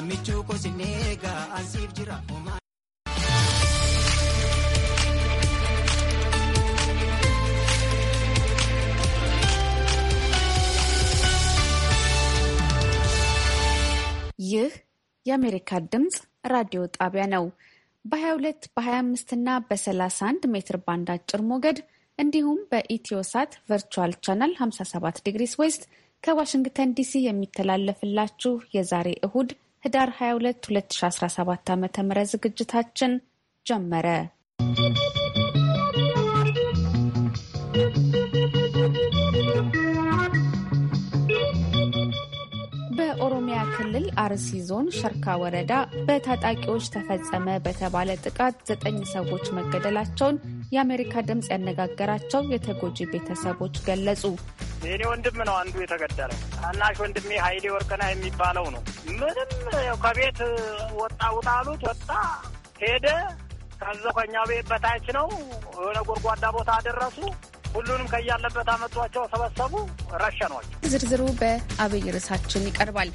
Gaamichuu kosinee jira. ይህ የአሜሪካ ድምፅ ራዲዮ ጣቢያ ነው። በ22 በ25 እና በ31 ሜትር ባንድ አጭር ሞገድ እንዲሁም በኢትዮሳት ቨርቹዋል ቻናል 57 ዲግሪስ ዌስት ከዋሽንግተን ዲሲ የሚተላለፍላችሁ የዛሬ እሁድ ህዳር 22 2017 ዓ ም ዝግጅታችን ጀመረ። ክልል አርሲ ዞን ሸርካ ወረዳ በታጣቂዎች ተፈጸመ በተባለ ጥቃት ዘጠኝ ሰዎች መገደላቸውን የአሜሪካ ድምፅ ያነጋገራቸው የተጎጂ ቤተሰቦች ገለጹ። የኔ ወንድም ነው አንዱ የተገደለው። ታናሽ ወንድሜ ኃይሌ ወርቅና የሚባለው ነው። ምንም ከቤት ወጣ ውጣ አሉት። ወጣ ሄደ። ከዛ ከኛ ቤት በታች ነው የሆነ ጎድጓዳ ቦታ አደረሱ። ሁሉንም ከያለበት አመጧቸው፣ ሰበሰቡ፣ ረሸኗቸው። ዝርዝሩ በአብይ ርዕሳችን ይቀርባል።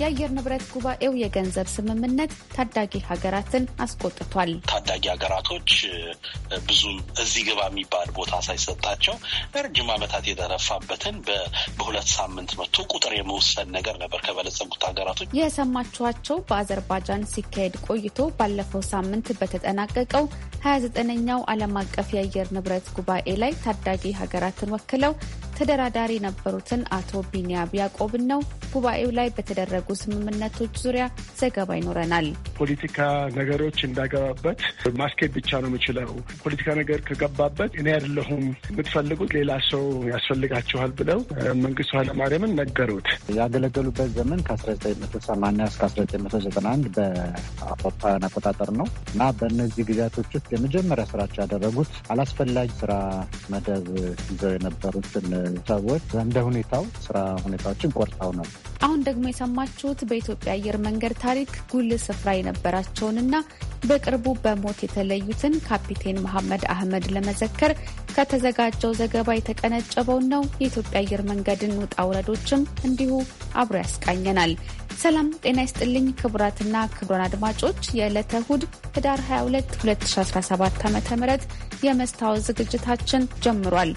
የአየር ንብረት ጉባኤው የገንዘብ ስምምነት ታዳጊ ሀገራትን አስቆጥቷል። ታዳጊ ሀገራቶች ብዙም እዚህ ግባ የሚባል ቦታ ሳይሰጣቸው ረጅም ዓመታት የተረፋበትን በሁለት ሳምንት መቶ ቁጥር የመወሰን ነገር ነበር ከበለጸጉት ሀገራቶች። የሰማችኋቸው በአዘርባጃን ሲካሄድ ቆይቶ ባለፈው ሳምንት በተጠናቀቀው 29ኛው ዓለም አቀፍ የአየር ንብረት ጉባኤ ላይ ታዳጊ ሀገራትን ወክለው ተደራዳሪ የነበሩትን አቶ ቢኒያ ቢያቆብን ነው። ጉባኤው ላይ በተደረጉ በተደረጉ ስምምነቶች ዙሪያ ዘገባ ይኖረናል። ፖለቲካ ነገሮች እንዳገባበት ማስኬድ ብቻ ነው የምችለው። ፖለቲካ ነገር ከገባበት እኔ አይደለሁም የምትፈልጉት ሌላ ሰው ያስፈልጋችኋል ብለው መንግስቱ ኃይለማርያምን ነገሩት። ያገለገሉበት ዘመን ከ1980 እስከ 1991 በአውሮፓውያን አቆጣጠር ነው እና በእነዚህ ጊዜያቶች ውስጥ የመጀመሪያ ስራቸው ያደረጉት አላስፈላጊ ስራ መደብ ይዘው የነበሩትን ሰዎች እንደ ሁኔታው ስራ ሁኔታዎችን ቆርጠው ነው። አሁን ደግሞ የሰማች ያደመጣችሁት በኢትዮጵያ አየር መንገድ ታሪክ ጉልህ ስፍራ የነበራቸውንና በቅርቡ በሞት የተለዩትን ካፒቴን መሐመድ አህመድ ለመዘከር ከተዘጋጀው ዘገባ የተቀነጨበውን ነው። የኢትዮጵያ አየር መንገድን ውጣ ውረዶችም እንዲሁ አብሮ ያስቃኘናል። ሰላም ጤና ይስጥልኝ ክቡራትና ክቡራን አድማጮች የዕለተ እሁድ ህዳር 22 2017 ዓ ም የመስታወት ዝግጅታችን ጀምሯል።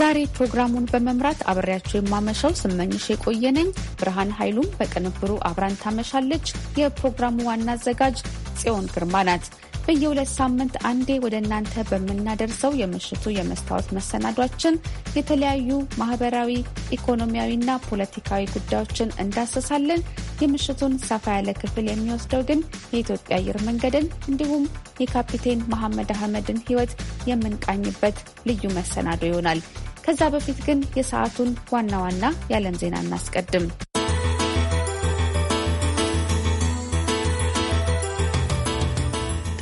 ዛሬ ፕሮግራሙን በመምራት አብሬያቸው የማመሻው ስመኝሽ የቆየነኝ። ብርሃን ኃይሉም በቅንብሩ አብራን ታመሻለች። የፕሮግራሙ ዋና አዘጋጅ ጽዮን ግርማ ናት። በየሁለት ሳምንት አንዴ ወደ እናንተ በምናደርሰው የምሽቱ የመስታወት መሰናዷችን የተለያዩ ማህበራዊ፣ ኢኮኖሚያዊና ፖለቲካዊ ጉዳዮችን እንዳሰሳለን። የምሽቱን ሰፋ ያለ ክፍል የሚወስደው ግን የኢትዮጵያ አየር መንገድን እንዲሁም የካፒቴን መሐመድ አህመድን ሕይወት የምንቃኝበት ልዩ መሰናዶ ይሆናል። ከዛ በፊት ግን የሰዓቱን ዋና ዋና የዓለም ዜና እናስቀድም።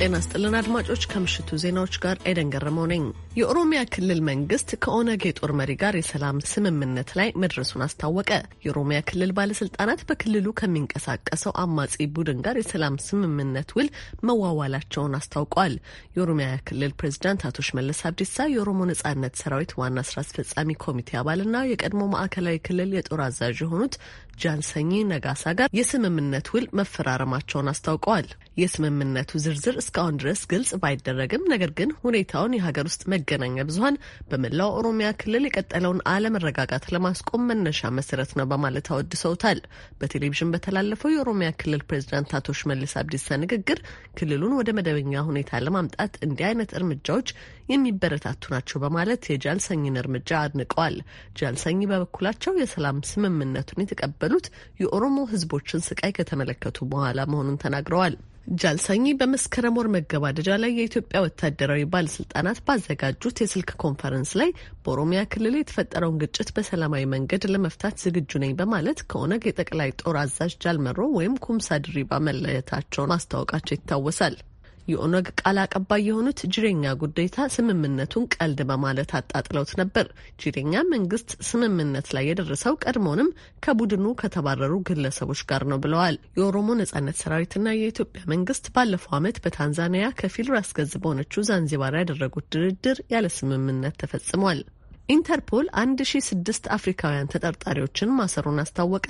ጤና ስጥልን አድማጮች፣ ከምሽቱ ዜናዎች ጋር ኤደን ገረመው ነኝ። የኦሮሚያ ክልል መንግስት ከኦነግ የጦር መሪ ጋር የሰላም ስምምነት ላይ መድረሱን አስታወቀ። የኦሮሚያ ክልል ባለስልጣናት በክልሉ ከሚንቀሳቀሰው አማጺ ቡድን ጋር የሰላም ስምምነት ውል መዋዋላቸውን አስታውቋል። የኦሮሚያ ክልል ፕሬዚዳንት አቶ ሽመለስ አብዲሳ የኦሮሞ ነጻነት ሰራዊት ዋና ስራ አስፈጻሚ ኮሚቴ አባልና የቀድሞ ማዕከላዊ ክልል የጦር አዛዥ የሆኑት ጃንሰኝ ነጋሳ ጋር የስምምነት ውል መፈራረማቸውን አስታውቀዋል። የስምምነቱ ዝርዝር እስካሁን ድረስ ግልጽ ባይደረግም ነገር ግን ሁኔታውን የሀገር ውስጥ መገናኛ ብዙኃን በመላው ኦሮሚያ ክልል የቀጠለውን አለመረጋጋት ለማስቆም መነሻ መሰረት ነው በማለት አወድሰውታል። በቴሌቪዥን በተላለፈው የኦሮሚያ ክልል ፕሬዚዳንት አቶ ሽመልስ አብዲሳ ንግግር ክልሉን ወደ መደበኛ ሁኔታ ለማምጣት እንዲህ አይነት እርምጃዎች የሚበረታቱ ናቸው በማለት የጃልሰኝን እርምጃ አድንቀዋል። ጃልሰኝ በበኩላቸው የሰላም ስምምነቱን የተቀበሉ የተቀበሉት የኦሮሞ ህዝቦችን ስቃይ ከተመለከቱ በኋላ መሆኑን ተናግረዋል። ጃልሳኝ በመስከረም ወር መገባደጃ ላይ የኢትዮጵያ ወታደራዊ ባለስልጣናት ባዘጋጁት የስልክ ኮንፈረንስ ላይ በኦሮሚያ ክልል የተፈጠረውን ግጭት በሰላማዊ መንገድ ለመፍታት ዝግጁ ነኝ በማለት ከኦነግ የጠቅላይ ጦር አዛዥ ጃልመሮ ወይም ኩምሳ ድሪባ መለየታቸውን ማስታወቃቸው ይታወሳል። የኦነግ ቃል አቀባይ የሆኑት ጅሬኛ ጉዴታ ስምምነቱን ቀልድ በማለት አጣጥለውት ነበር። ጅሬኛ መንግስት ስምምነት ላይ የደረሰው ቀድሞንም ከቡድኑ ከተባረሩ ግለሰቦች ጋር ነው ብለዋል። የኦሮሞ ነጻነት ሰራዊትና የኢትዮጵያ መንግስት ባለፈው ዓመት በታንዛኒያ ከፊል ራስ ገዝ በሆነችው ዛንዚባር ያደረጉት ድርድር ያለ ስምምነት ተፈጽሟል። ኢንተርፖል 1006 አፍሪካውያን ተጠርጣሪዎችን ማሰሩን አስታወቀ።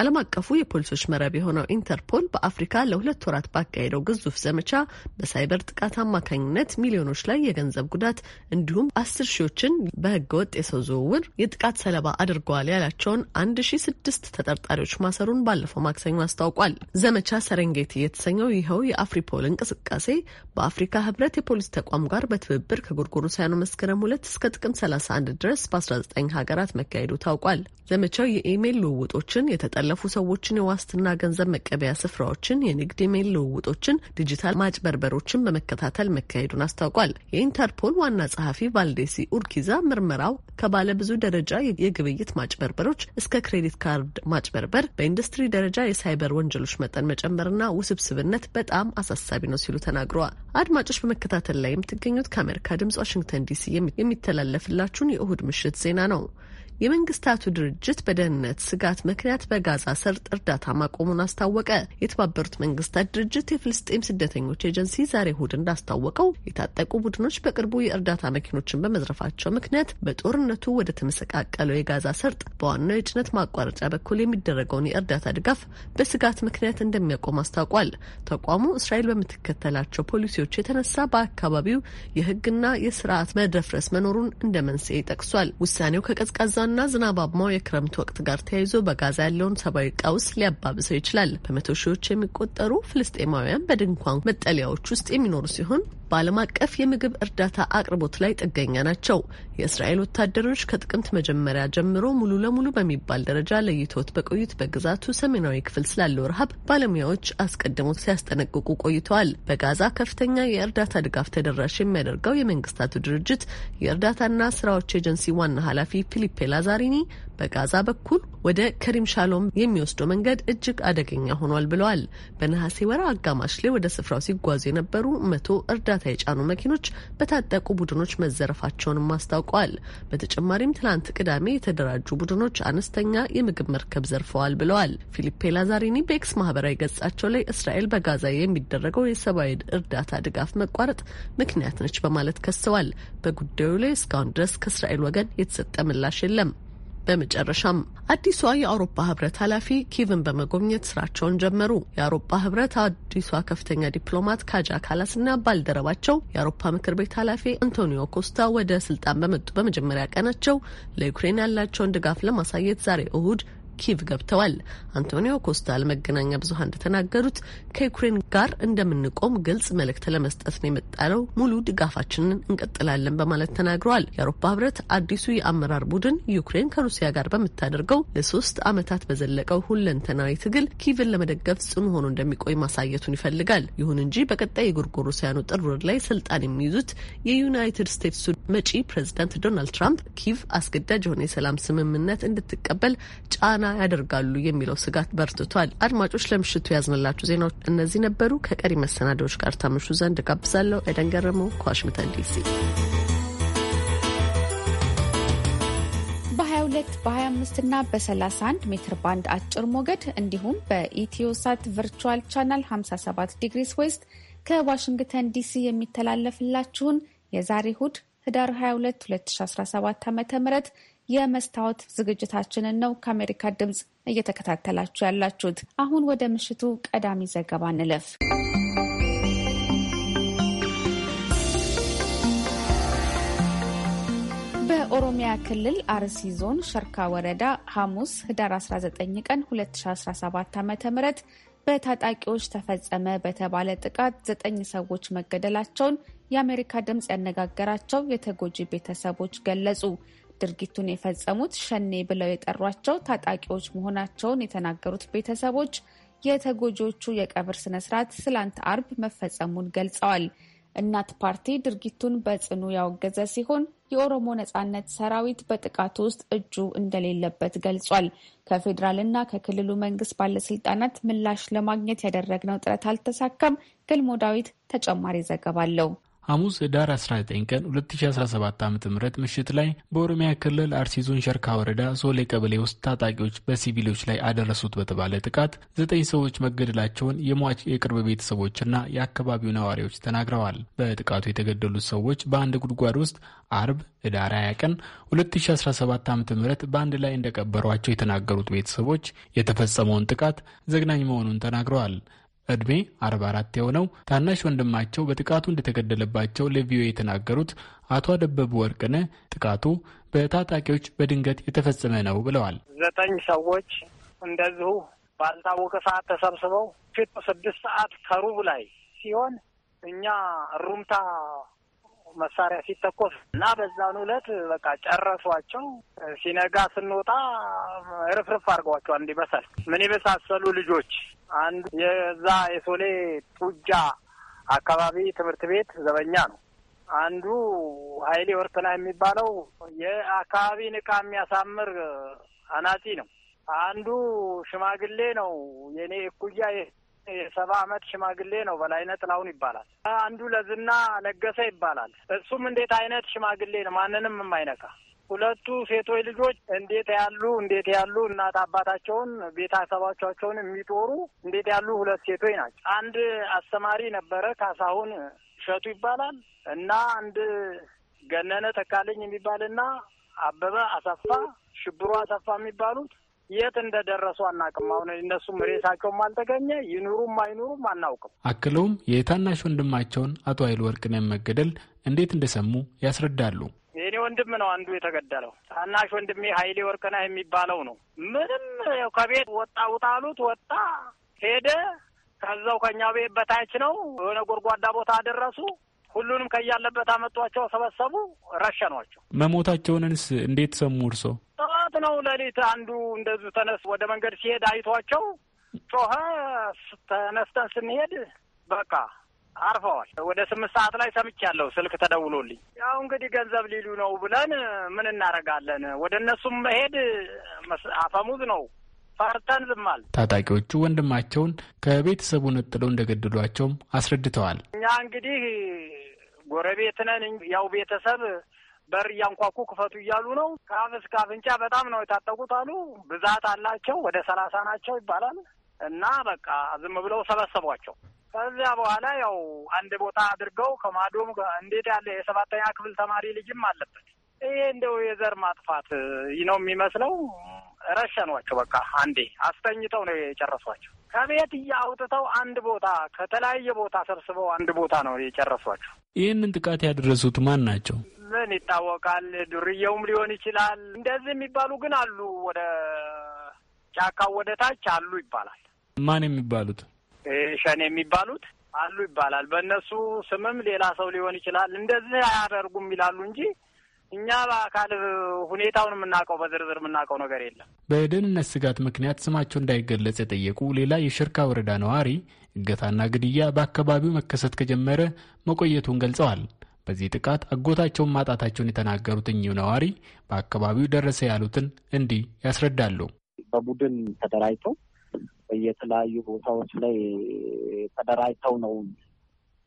ዓለም አቀፉ የፖሊሶች መረብ የሆነው ኢንተርፖል በአፍሪካ ለሁለት ወራት ባካሄደው ግዙፍ ዘመቻ በሳይበር ጥቃት አማካኝነት ሚሊዮኖች ላይ የገንዘብ ጉዳት እንዲሁም አስር ሺዎችን በህገወጥ የሰው ዝውውር የጥቃት ሰለባ አድርገዋል ያላቸውን 1006 ተጠርጣሪዎች ማሰሩን ባለፈው ማክሰኞ አስታውቋል። ዘመቻ ሰረንጌቲ የተሰኘው ይኸው የአፍሪፖል እንቅስቃሴ በአፍሪካ ህብረት የፖሊስ ተቋም ጋር በትብብር ከጎርጎሮሳውያኑ መስከረም ሁለት እስከ ጥቅም 31 ድረስ በ19 ሀገራት መካሄዱ ታውቋል። ዘመቻው የኢሜይል ልውውጦችን፣ የተጠለፉ ሰዎችን የዋስትና ገንዘብ መቀበያ ስፍራዎችን፣ የንግድ ኢሜይል ልውውጦችን፣ ዲጂታል ማጭበርበሮችን በመከታተል መካሄዱን አስታውቋል። የኢንተርፖል ዋና ጸሐፊ ቫልዴሲ ኡርኪዛ ምርመራው ከባለ ብዙ ደረጃ የግብይት ማጭበርበሮች እስከ ክሬዲት ካርድ ማጭበርበር፣ በኢንዱስትሪ ደረጃ የሳይበር ወንጀሎች መጠን መጨመርና ውስብስብነት በጣም አሳሳቢ ነው ሲሉ ተናግረዋል። አድማጮች በመከታተል ላይ የምትገኙት ከአሜሪካ ድምጽ ዋሽንግተን ዲሲ የሚተላለፍላችሁን የእሁድ ምሽት ዜና ነው። የመንግስታቱ ድርጅት በደህንነት ስጋት ምክንያት በጋዛ ሰርጥ እርዳታ ማቆሙን አስታወቀ። የተባበሩት መንግስታት ድርጅት የፍልስጤም ስደተኞች ኤጀንሲ ዛሬ እሁድ እንዳስታወቀው የታጠቁ ቡድኖች በቅርቡ የእርዳታ መኪኖችን በመዝረፋቸው ምክንያት በጦርነቱ ወደ ተመሰቃቀለው የጋዛ ሰርጥ በዋናው የጭነት ማቋረጫ በኩል የሚደረገውን የእርዳታ ድጋፍ በስጋት ምክንያት እንደሚያቆም አስታውቋል። ተቋሙ እስራኤል በምትከተላቸው ፖሊሲዎች የተነሳ በአካባቢው የህግና የስርዓት መደፍረስ መኖሩን እንደ መንስኤ ጠቅሷል። ውሳኔው ከቀዝቃዛ ከሙቀታማና ዝናባማው የክረምት ወቅት ጋር ተያይዞ በጋዛ ያለውን ሰብአዊ ቀውስ ሊያባብሰው ይችላል። በመቶ ሺዎች የሚቆጠሩ ፍልስጤማውያን በድንኳን መጠለያዎች ውስጥ የሚኖሩ ሲሆን በዓለም አቀፍ የምግብ እርዳታ አቅርቦት ላይ ጥገኛ ናቸው። የእስራኤል ወታደሮች ከጥቅምት መጀመሪያ ጀምሮ ሙሉ ለሙሉ በሚባል ደረጃ ለይቶት በቆዩት በግዛቱ ሰሜናዊ ክፍል ስላለው ረሃብ ባለሙያዎች አስቀድመው ሲያስጠነቅቁ ቆይተዋል። በጋዛ ከፍተኛ የእርዳታ ድጋፍ ተደራሽ የሚያደርገው የመንግስታቱ ድርጅት የእርዳታና ስራዎች ኤጀንሲ ዋና ኃላፊ ፊሊፔ ላዛሪኒ በጋዛ በኩል ወደ ከሪም ሻሎም የሚወስደው መንገድ እጅግ አደገኛ ሆኗል ብለዋል። በነሐሴ ወር አጋማሽ ላይ ወደ ስፍራው ሲጓዙ የነበሩ መቶ እርዳታ የጫኑ መኪኖች በታጠቁ ቡድኖች መዘረፋቸውንም አስታውቀዋል። በተጨማሪም ትላንት ቅዳሜ የተደራጁ ቡድኖች አነስተኛ የምግብ መርከብ ዘርፈዋል ብለዋል። ፊሊፔ ላዛሪኒ በኤክስ ማህበራዊ ገጻቸው ላይ እስራኤል በጋዛ የሚደረገው የሰብአዊ እርዳታ ድጋፍ መቋረጥ ምክንያት ነች በማለት ከሰዋል። በጉዳዩ ላይ እስካሁን ድረስ ከእስራኤል ወገን የተሰጠ ምላሽ የለም። በመጨረሻም አዲሷ የአውሮፓ ህብረት ኃላፊ ኪቭን በመጎብኘት ስራቸውን ጀመሩ። የአውሮፓ ህብረት አዲሷ ከፍተኛ ዲፕሎማት ካጃ ካላስና ባልደረባቸው የአውሮፓ ምክር ቤት ኃላፊ አንቶኒዮ ኮስታ ወደ ስልጣን በመጡ በመጀመሪያ ቀናቸው ለዩክሬን ያላቸውን ድጋፍ ለማሳየት ዛሬ እሁድ ኪቭ ገብተዋል። አንቶኒዮ ኮስታ ለመገናኛ ብዙሀን እንደተናገሩት ከዩክሬን ጋር እንደምንቆም ግልጽ መልእክት ለመስጠት ነው የመጣነው። ሙሉ ድጋፋችንን እንቀጥላለን በማለት ተናግረዋል። የአውሮፓ ህብረት አዲሱ የአመራር ቡድን ዩክሬን ከሩሲያ ጋር በምታደርገው ለሶስት ዓመታት በዘለቀው ሁለንተናዊ ትግል ኪቭን ለመደገፍ ጽኑ ሆኖ እንደሚቆይ ማሳየቱን ይፈልጋል። ይሁን እንጂ በቀጣይ የጎርጎሮሳውያኑ ጥር ወር ላይ ስልጣን የሚይዙት የዩናይትድ ስቴትሱ መጪ ፕሬዚዳንት ዶናልድ ትራምፕ ኪቭ አስገዳጅ የሆነ የሰላም ስምምነት እንድትቀበል ጫና ያደርጋሉ የሚለው ስጋት በርትቷል። አድማጮች፣ ለምሽቱ ያዝንላችሁ ዜናዎች እነዚህ ነበሩ። ከቀሪ መሰናዶዎች ጋር ታምሹ ዘንድ ጋብዛለሁ። ኤደን ገረመው ከዋሽንግተን ዲሲ በ22 በ25 እና በ31 ሜትር ባንድ አጭር ሞገድ እንዲሁም በኢትዮሳት ቨርቹዋል ቻናል 57 ዲግሪስ ዌስት ከዋሽንግተን ዲሲ የሚተላለፍላችሁን የዛሬ እሁድ ህዳር 22 2017 ዓ.ም የመስታወት ዝግጅታችንን ነው ከአሜሪካ ድምፅ እየተከታተላችሁ ያላችሁት። አሁን ወደ ምሽቱ ቀዳሚ ዘገባ እንለፍ። በኦሮሚያ ክልል አርሲ ዞን ሸርካ ወረዳ ሐሙስ ህዳር 19 ቀን 2017 ዓ ም በታጣቂዎች ተፈጸመ በተባለ ጥቃት ዘጠኝ ሰዎች መገደላቸውን የአሜሪካ ድምፅ ያነጋገራቸው የተጎጂ ቤተሰቦች ገለጹ። ድርጊቱን የፈጸሙት ሸኔ ብለው የጠሯቸው ታጣቂዎች መሆናቸውን የተናገሩት ቤተሰቦች የተጎጂዎቹ የቀብር ስነስርዓት ስላንት አርብ መፈጸሙን ገልጸዋል። እናት ፓርቲ ድርጊቱን በጽኑ ያወገዘ ሲሆን የኦሮሞ ነጻነት ሰራዊት በጥቃቱ ውስጥ እጁ እንደሌለበት ገልጿል። ከፌዴራልና ከክልሉ መንግስት ባለስልጣናት ምላሽ ለማግኘት ያደረግነው ጥረት አልተሳካም። ገልሞ ዳዊት ተጨማሪ ዘገባ አለው። ሐሙስ ህዳር 19 ቀን 2017 ዓ ም ምሽት ላይ በኦሮሚያ ክልል አርሲ ዞን ሸርካ ወረዳ ሶሌ ቀበሌ ውስጥ ታጣቂዎች በሲቪሎች ላይ አደረሱት በተባለ ጥቃት ዘጠኝ ሰዎች መገደላቸውን የሟች የቅርብ ቤተሰቦችና የአካባቢው ነዋሪዎች ተናግረዋል። በጥቃቱ የተገደሉት ሰዎች በአንድ ጉድጓድ ውስጥ አርብ ህዳር 20 ቀን 2017 ዓ ም በአንድ ላይ እንደቀበሯቸው የተናገሩት ቤተሰቦች የተፈጸመውን ጥቃት ዘግናኝ መሆኑን ተናግረዋል። እድሜ 44 የሆነው ታናሽ ወንድማቸው በጥቃቱ እንደተገደለባቸው ለቪኦኤ የተናገሩት አቶ አደበቡ ወርቅነ ጥቃቱ በታጣቂዎች በድንገት የተፈጸመ ነው ብለዋል። ዘጠኝ ሰዎች እንደዚሁ ባልታወቀ ሰዓት ተሰብስበው ፊት ስድስት ሰዓት ከሩብ ላይ ሲሆን እኛ ሩምታ መሳሪያ ሲተኮስ እና በዛን ዕለት በቃ ጨረሷቸው። ሲነጋ ስንወጣ ርፍርፍ አድርገዋቸው እንዲህ በሰል ምን የመሳሰሉ ልጆች አንድ የዛ የሶሌ ጡጃ አካባቢ ትምህርት ቤት ዘበኛ ነው። አንዱ ሀይሌ ወርቅና የሚባለው የአካባቢ እቃ የሚያሳምር አናጺ ነው። አንዱ ሽማግሌ ነው። የእኔ እኩያ የሰባ አመት ሽማግሌ ነው። በላይነህ ጥላሁን ይባላል። አንዱ ለዝና ለገሰ ይባላል። እሱም እንዴት አይነት ሽማግሌ ነው፣ ማንንም የማይነካ ሁለቱ ሴቶች ልጆች እንዴት ያሉ እንዴት ያሉ እናት አባታቸውን ቤተሰባቸውን የሚጦሩ እንዴት ያሉ ሁለት ሴቶች ናቸው። አንድ አስተማሪ ነበረ ካሳሁን እሸቱ ይባላል እና አንድ ገነነ ተካለኝ የሚባልና አበበ አሰፋ ሽብሩ አሰፋ የሚባሉት የት እንደደረሱ አናቅም። አሁን እነሱም ሬሳቸውም አልተገኘ ይኑሩም አይኑሩም አናውቅም። አክለውም የታናሽ ወንድማቸውን አቶ ኃይል ወርቅን መገደል እንዴት እንደሰሙ ያስረዳሉ። የኔ ወንድም ነው አንዱ የተገደለው። ታናሽ ወንድሜ ኃይሌ ወርቅና የሚባለው ነው። ምንም ያው ከቤት ወጣ ውጣሉት ወጣ ሄደ። ከዛው ከኛ ቤት በታች ነው የሆነ ጎድጓዳ ቦታ አደረሱ። ሁሉንም ከያለበት አመጧቸው፣ ሰበሰቡ፣ ረሸኗቸው። መሞታቸውንስ እንዴት ሰሙ እርሶ? ጠዋት ነው ሌሊት አንዱ እንደዙ ተነስ ወደ መንገድ ሲሄድ አይቷቸው ጮኸ። ተነስተን ስንሄድ በቃ አርፈዋል። ወደ ስምንት ሰዓት ላይ ሰምቻለሁ ስልክ ተደውሎልኝ። ያው እንግዲህ ገንዘብ ሊሉ ነው ብለን ምን እናደርጋለን? ወደ እነሱም መሄድ አፈሙዝ ነው ፈርተን ዝማል። ታጣቂዎቹ ወንድማቸውን ከቤተሰቡ ነጥለው እንደገደሏቸውም አስረድተዋል። እኛ እንግዲህ ጎረቤት ነን። ያው ቤተሰብ በር እያንኳኩ ክፈቱ እያሉ ነው። ከአፍ እስከ አፍንጫ በጣም ነው የታጠቁት አሉ። ብዛት አላቸው ወደ ሰላሳ ናቸው ይባላል እና በቃ ዝም ብለው ሰበሰቧቸው። ከዚያ በኋላ ያው አንድ ቦታ አድርገው ከማዶም እንዴት ያለ የሰባተኛ ክፍል ተማሪ ልጅም አለበት። ይሄ እንደው የዘር ማጥፋት ነው የሚመስለው። ረሸኗቸው። በቃ አንዴ አስተኝተው ነው የጨረሷቸው። ከቤት እያውጥተው አንድ ቦታ ከተለያየ ቦታ ሰብስበው አንድ ቦታ ነው የጨረሷቸው። ይህንን ጥቃት ያደረሱት ማን ናቸው? ምን ይታወቃል። ዱርየውም ሊሆን ይችላል። እንደዚህ የሚባሉ ግን አሉ። ወደ ጫካው ወደ ታች አሉ ይባላል። ማን የሚባሉት? ሸኔ የሚባሉት አሉ ይባላል። በእነሱ ስምም ሌላ ሰው ሊሆን ይችላል። እንደዚህ አያደርጉም ይላሉ እንጂ እኛ በአካል ሁኔታውን የምናውቀው በዝርዝር የምናውቀው ነገር የለም። በደህንነት ስጋት ምክንያት ስማቸው እንዳይገለጽ የጠየቁ ሌላ የሽርካ ወረዳ ነዋሪ እገታና ግድያ በአካባቢው መከሰት ከጀመረ መቆየቱን ገልጸዋል። በዚህ ጥቃት አጎታቸውን ማጣታቸውን የተናገሩት እኚሁ ነዋሪ በአካባቢው ደረሰ ያሉትን እንዲህ ያስረዳሉ። በቡድን ተደራጅተው በየተለያዩ ቦታዎች ላይ ተደራጅተው ነው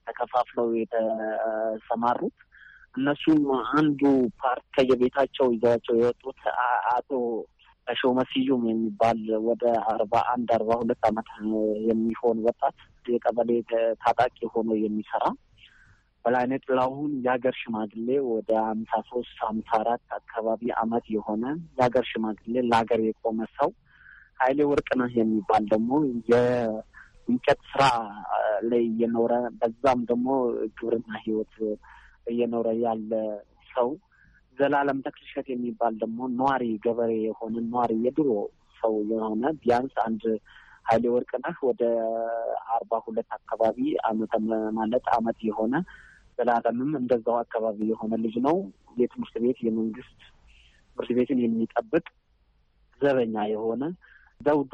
ተከፋፍለው የተሰማሩት እነሱም አንዱ ፓርት ከየቤታቸው ይዘዋቸው የወጡት አቶ ሾመ ስዩም የሚባል ወደ አርባ አንድ አርባ ሁለት አመት የሚሆን ወጣት የቀበሌ ታጣቂ ሆኖ የሚሰራ በላይነ ጥላሁን የሀገር ሽማግሌ ወደ አምሳ ሶስት አምሳ አራት አካባቢ አመት የሆነ የሀገር ሽማግሌ ለሀገር የቆመ ሰው ኃይሌ ወርቅነህ የሚባል ደግሞ የእንጨት ስራ ላይ እየኖረ በዛም ደግሞ ግብርና ህይወት እየኖረ ያለ ሰው ዘላለም ተክልሸት የሚባል ደግሞ ነዋሪ ገበሬ የሆነ ነዋሪ የድሮ ሰው የሆነ ቢያንስ አንድ ኃይሌ ወርቅነህ ወደ አርባ ሁለት አካባቢ አመተ ማለት አመት የሆነ ዘላለምም እንደዛው አካባቢ የሆነ ልጅ ነው። የትምህርት ቤት የመንግስት ትምህርት ቤትን የሚጠብቅ ዘበኛ የሆነ ዘውዱ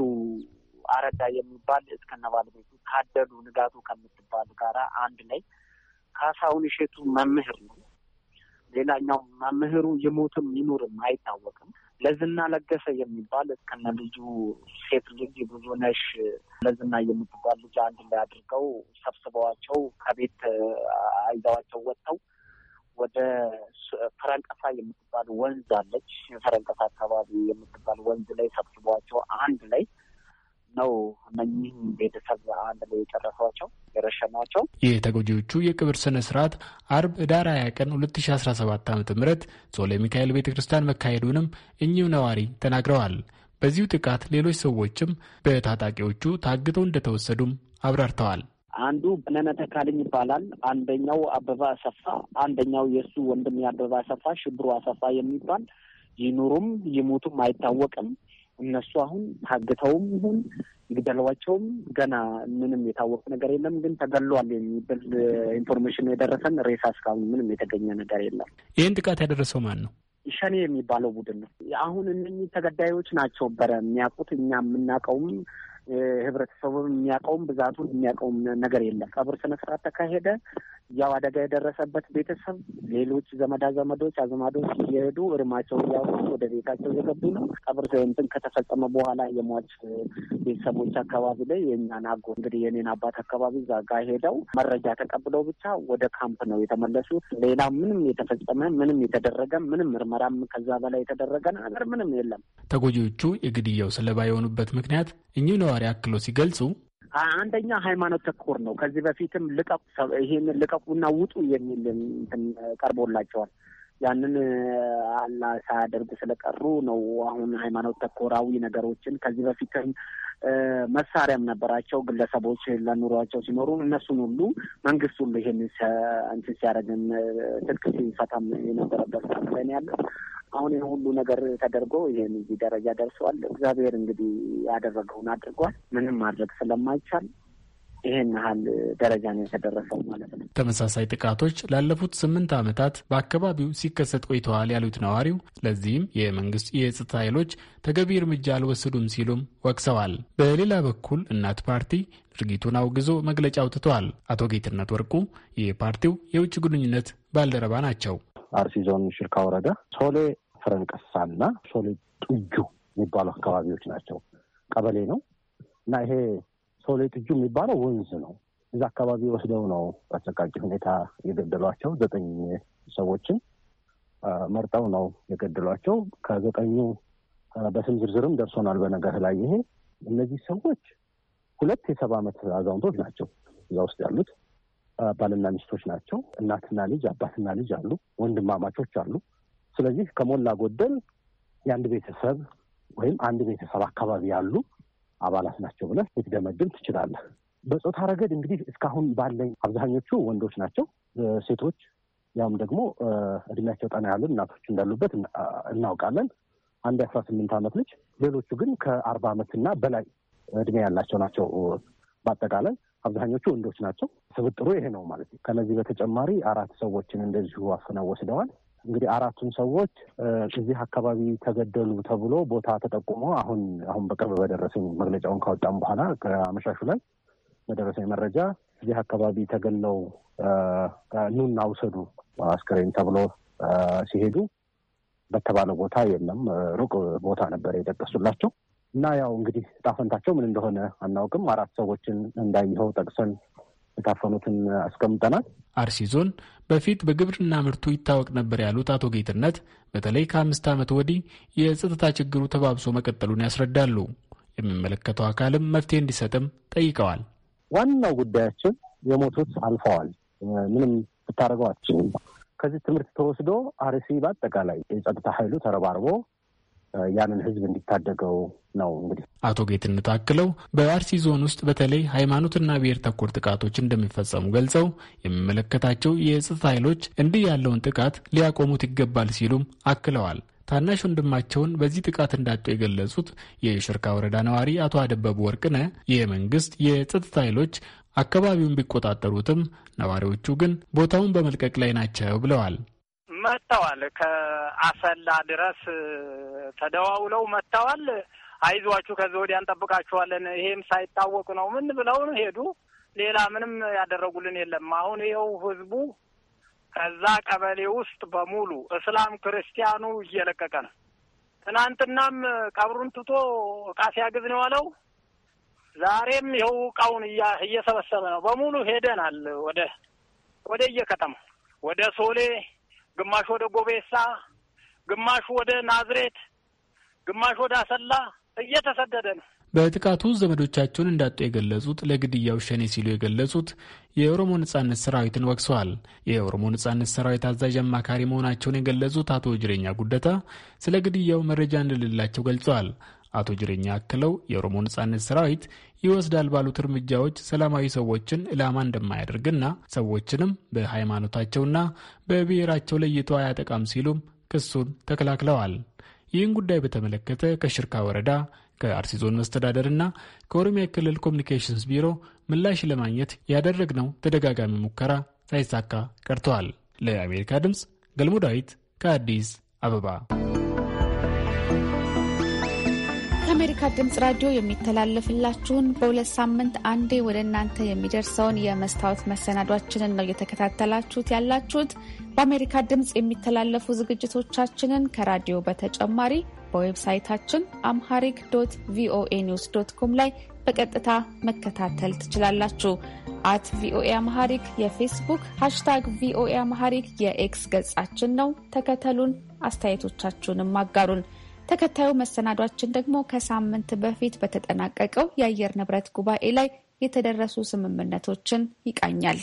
አረዳ የሚባል እስከነ ባለቤቱ ካደሉ ንጋቱ ከምትባል ጋራ አንድ ላይ ካሳሁን እሸቱ መምህር ነው። ሌላኛው መምህሩ የሞትም ይኑርም አይታወቅም። ለዝና ለገሰ የሚባል እስከነ ልጁ ሴት ልጅ ብዙ ነሽ ለዝና የምትባል ልጅ አንድ ላይ አድርገው ሰብስበዋቸው ከቤት አይዘዋቸው ወጥተው ወደ ፈረንቀሳ የምትባል ወንዝ አለች። የፈረንቀሳ አካባቢ የምትባል ወንዝ ላይ ሰብስበዋቸው አንድ ላይ ነው። እነኚህ ቤተሰብ አንድ ላይ የጨረሷቸው የረሸኗቸው። ተጎጂዎቹ የቅብር ስነ ስርዓት አርብ ዳር ሀያ ቀን ሁለት ሺ አስራ ሰባት ዓመተ ምህረት ጾለ ሚካኤል ቤተ ክርስቲያን መካሄዱንም እኚሁ ነዋሪ ተናግረዋል። በዚሁ ጥቃት ሌሎች ሰዎችም በታጣቂዎቹ ታግተው እንደተወሰዱም አብራርተዋል። አንዱ በነነ ተካልኝ ይባላል። አንደኛው አበባ አሰፋ፣ አንደኛው የእሱ ወንድም የአበባ አሰፋ ሽብሩ አሰፋ የሚባል ይኑሩም ይሙቱም አይታወቅም። እነሱ አሁን ታግተውም ይሁን ይግደሏቸውም ገና ምንም የታወቀ ነገር የለም። ግን ተገሏል የሚብል ኢንፎርሜሽን የደረሰን ሬሳ እስካሁን ምንም የተገኘ ነገር የለም። ይህን ጥቃት ያደረሰው ማን ነው? ሸኔ የሚባለው ቡድን ነው። አሁን እነኚህ ተገዳዮች ናቸው በረ የሚያውቁት እኛ የምናውቀውም ህብረተሰቡም የሚያውቀውም ብዛቱን የሚያውቀውም ነገር የለም። ቀብር ስነስርዓት ተካሄደ። ያው አደጋ የደረሰበት ቤተሰብ ሌሎች ዘመዳ ዘመዶች አዘማዶች እየሄዱ እርማቸው እያወጡ ወደ ቤታቸው እየገቡ ነው። ቀብር እንትን ከተፈጸመ በኋላ የሟች ቤተሰቦች አካባቢ ላይ የእኛን አጎ እንግዲህ የኔን አባት አካባቢ እዛ ጋ ሄደው መረጃ ተቀብለው ብቻ ወደ ካምፕ ነው የተመለሱት። ሌላ ምንም የተፈጸመ ምንም የተደረገ ምንም ምርመራም ከዛ በላይ የተደረገ ነገር ምንም የለም። ተጎጂዎቹ የግድያው ሰለባ የሆኑበት ምክንያት እኚህ ነዋ ማብራሪያ አክሎ ሲገልጹ አንደኛ ሃይማኖት ተኮር ነው። ከዚህ በፊትም ልቀቁ ይሄን ልቀቁና ውጡ የሚል ቀርቦላቸዋል። ያንን አላ ሳያደርጉ ስለቀሩ ነው። አሁን ሃይማኖት ተኮራዊ ነገሮችን ከዚህ በፊትም መሳሪያም ነበራቸው ግለሰቦች ለኑሯቸው ሲኖሩ እነሱን ሁሉ መንግስት ሁሉ ይህን እንትን ሲያደርግም ትልቅ ሲፈታም የነበረበት ላይ ያለ አሁን ይህ ሁሉ ነገር ተደርጎ ይህን እዚህ ደረጃ ደርሰዋል። እግዚአብሔር እንግዲህ ያደረገውን አድርጓል። ምንም ማድረግ ስለማይቻል ይህን ያህል ደረጃ ነው የተደረሰው ማለት ነው። ተመሳሳይ ጥቃቶች ላለፉት ስምንት ዓመታት በአካባቢው ሲከሰት ቆይተዋል ያሉት ነዋሪው፣ ለዚህም የመንግስት የጸጥታ ኃይሎች ተገቢ እርምጃ አልወሰዱም ሲሉም ወቅሰዋል። በሌላ በኩል እናት ፓርቲ ድርጊቱን አውግዞ መግለጫ አውጥተዋል። አቶ ጌትነት ወርቁ የፓርቲው የውጭ ግንኙነት ባልደረባ ናቸው። አርሲ ዞን ሽርካ ወረዳ ሶሌ ፈረንቀሳና ሶሌ ጥጁ የሚባሉ አካባቢዎች ናቸው። ቀበሌ ነው እና ይሄ ሶሌ ጥጁ የሚባለው ወንዝ ነው። እዛ አካባቢ ወስደው ነው በአሰቃቂ ሁኔታ የገደሏቸው። ዘጠኝ ሰዎችን መርጠው ነው የገደሏቸው። ከዘጠኙ በስም ዝርዝርም ደርሶናል። በነገር ላይ ይሄ እነዚህ ሰዎች ሁለት የሰባ ዓመት አዛውንቶች ናቸው እዛ ውስጥ ያሉት ባልና ሚስቶች ናቸው። እናትና ልጅ፣ አባትና ልጅ አሉ። ወንድማማቾች አሉ። ስለዚህ ከሞላ ጎደል የአንድ ቤተሰብ ወይም አንድ ቤተሰብ አካባቢ ያሉ አባላት ናቸው ብለህ ልትደመድም ትችላለህ። በጾታ ረገድ እንግዲህ እስካሁን ባለኝ አብዛኞቹ ወንዶች ናቸው። ሴቶች ያም ደግሞ እድሜያቸው ጠና ያሉ እናቶች እንዳሉበት እናውቃለን። አንድ የአስራ ስምንት ዓመት ልጅ፣ ሌሎቹ ግን ከአርባ ዓመትና በላይ እድሜ ያላቸው ናቸው። በአጠቃላይ አብዛኞቹ ወንዶች ናቸው። ስብጥሩ ይሄ ነው ማለት ነው። ከነዚህ በተጨማሪ አራት ሰዎችን እንደዚሁ አፍነው ወስደዋል። እንግዲህ አራቱን ሰዎች እዚህ አካባቢ ተገደሉ ተብሎ ቦታ ተጠቁሞ አሁን አሁን በቅርብ በደረሰኝ መግለጫውን ካወጣም በኋላ ከአመሻሹ ላይ በደረሰኝ መረጃ እዚህ አካባቢ ተገለው ኑና ውሰዱ አስክሬን ተብሎ ሲሄዱ በተባለ ቦታ የለም፣ ሩቅ ቦታ ነበር የጠቀሱላቸው። እና ያው እንግዲህ ጣፈንታቸው ምን እንደሆነ አናውቅም። አራት ሰዎችን እንዳይኸው ጠቅሰን የታፈኑትን አስቀምጠናል። አርሲ ዞን በፊት በግብርና ምርቱ ይታወቅ ነበር ያሉት አቶ ጌትነት በተለይ ከአምስት ዓመት ወዲህ የጸጥታ ችግሩ ተባብሶ መቀጠሉን ያስረዳሉ። የሚመለከተው አካልም መፍትሄ እንዲሰጥም ጠይቀዋል። ዋናው ጉዳያችን የሞቱት አልፈዋል። ምንም ብታደርገው አትችልም። ከዚህ ትምህርት ተወስዶ አርሲ በአጠቃላይ የጸጥታ ኃይሉ ተረባርቦ ያንን ህዝብ እንዲታደገው ነው። እንግዲህ አቶ ጌትነት አክለው በአርሲ ዞን ውስጥ በተለይ ሃይማኖትና ብሔር ተኮር ጥቃቶች እንደሚፈጸሙ ገልጸው የሚመለከታቸው የጸጥታ ኃይሎች እንዲህ ያለውን ጥቃት ሊያቆሙት ይገባል ሲሉም አክለዋል። ታናሽ ወንድማቸውን በዚህ ጥቃት እንዳጡ የገለጹት የሽርካ ወረዳ ነዋሪ አቶ አደበቡ ወርቅነ የመንግስት የጸጥታ ኃይሎች አካባቢውን ቢቆጣጠሩትም ነዋሪዎቹ ግን ቦታውን በመልቀቅ ላይ ናቸው ብለዋል። መጥተዋል። ከአሰላ ድረስ ተደዋውለው መጥተዋል። አይዟችሁ ከዚህ ወዲያ እንጠብቃችኋለን። ይሄም ሳይታወቅ ነው ምን ብለውን ሄዱ። ሌላ ምንም ያደረጉልን የለም። አሁን ይኸው ህዝቡ ከዛ ቀበሌ ውስጥ በሙሉ እስላም ክርስቲያኑ እየለቀቀ ነው። ትናንትናም ቀብሩን ትቶ እቃ ሲያግዝ ነው የዋለው። ዛሬም ይኸው እቃውን እየሰበሰበ ነው። በሙሉ ሄደናል ወደ ወደ እየከተማ ወደ ሶሌ ግማሽ ወደ ጎቤሳ፣ ግማሽ ወደ ናዝሬት፣ ግማሽ ወደ አሰላ እየተሰደደ ነው። በጥቃቱ ዘመዶቻቸውን እንዳጡ የገለጹት ለግድያው ሸኔ ሲሉ የገለጹት የኦሮሞ ነጻነት ሰራዊትን ወቅሰዋል። የኦሮሞ ነጻነት ሰራዊት አዛዥ አማካሪ መሆናቸውን የገለጹት አቶ ጅሬኛ ጉደታ ስለ ግድያው መረጃ እንደሌላቸው ገልጸዋል። አቶ ጅሬኛ አክለው የኦሮሞ ነጻነት ሰራዊት ይወስዳል ባሉት እርምጃዎች ሰላማዊ ሰዎችን ዕላማ እንደማያደርግና ሰዎችንም በሃይማኖታቸውና በብሔራቸው ለይቶ አያጠቃም ሲሉም ክሱን ተከላክለዋል። ይህን ጉዳይ በተመለከተ ከሽርካ ወረዳ ከአርሲ ዞን መስተዳደር እና ከኦሮሚያ ክልል ኮሚኒኬሽንስ ቢሮ ምላሽ ለማግኘት ያደረግነው ተደጋጋሚ ሙከራ ሳይሳካ ቀርተዋል። ለአሜሪካ ድምፅ ገልሞ ዳዊት ከአዲስ አበባ ከአሜሪካ ድምፅ ራዲዮ የሚተላለፍላችሁን በሁለት ሳምንት አንዴ ወደ እናንተ የሚደርሰውን የመስታወት መሰናዷችንን ነው እየተከታተላችሁት ያላችሁት። በአሜሪካ ድምጽ የሚተላለፉ ዝግጅቶቻችንን ከራዲዮ በተጨማሪ በዌብሳይታችን አምሃሪክ ዶት ቪኦኤ ኒውስ ዶት ኮም ላይ በቀጥታ መከታተል ትችላላችሁ። አት ቪኦኤ አምሃሪክ የፌስቡክ ሃሽታግ ቪኦኤ አምሃሪክ የኤክስ ገጻችን ነው። ተከተሉን፣ አስተያየቶቻችሁንም አጋሩን። ተከታዩ መሰናዷችን ደግሞ ከሳምንት በፊት በተጠናቀቀው የአየር ንብረት ጉባኤ ላይ የተደረሱ ስምምነቶችን ይቃኛል።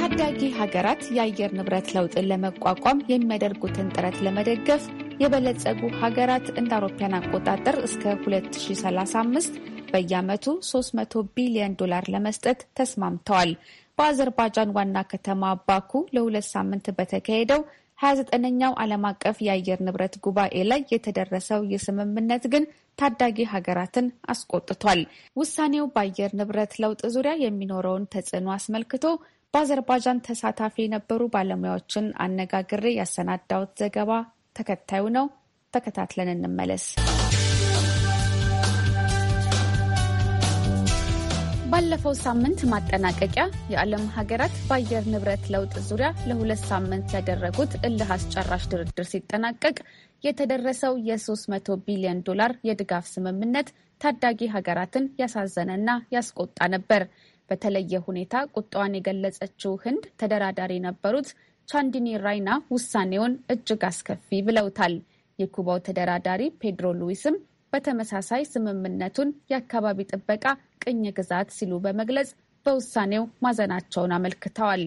ታዳጊ ሀገራት የአየር ንብረት ለውጥን ለመቋቋም የሚያደርጉትን ጥረት ለመደገፍ የበለጸጉ ሀገራት እንደ አውሮፓውያን አቆጣጠር እስከ 2035 በየዓመቱ 300 ቢሊዮን ዶላር ለመስጠት ተስማምተዋል። በአዘርባጃን ዋና ከተማ ባኩ ለሁለት ሳምንት በተካሄደው 29ኛው ዓለም አቀፍ የአየር ንብረት ጉባኤ ላይ የተደረሰው የስምምነት ግን ታዳጊ ሀገራትን አስቆጥቷል። ውሳኔው በአየር ንብረት ለውጥ ዙሪያ የሚኖረውን ተጽዕኖ አስመልክቶ በአዘርባጃን ተሳታፊ የነበሩ ባለሙያዎችን አነጋግሬ ያሰናዳሁት ዘገባ ተከታዩ ነው። ተከታትለን እንመለስ። ባለፈው ሳምንት ማጠናቀቂያ የዓለም ሀገራት በአየር ንብረት ለውጥ ዙሪያ ለሁለት ሳምንት ያደረጉት እልህ አስጨራሽ ድርድር ሲጠናቀቅ የተደረሰው የ300 ቢሊዮን ዶላር የድጋፍ ስምምነት ታዳጊ ሀገራትን ያሳዘነና ያስቆጣ ነበር። በተለየ ሁኔታ ቁጣዋን የገለጸችው ህንድ ተደራዳሪ የነበሩት ቻንዲኒ ራይና ውሳኔውን እጅግ አስከፊ ብለውታል። የኩባው ተደራዳሪ ፔድሮ ሉዊስም በተመሳሳይ ስምምነቱን የአካባቢ ጥበቃ ቅኝ ግዛት ሲሉ በመግለጽ በውሳኔው ማዘናቸውን አመልክተዋል።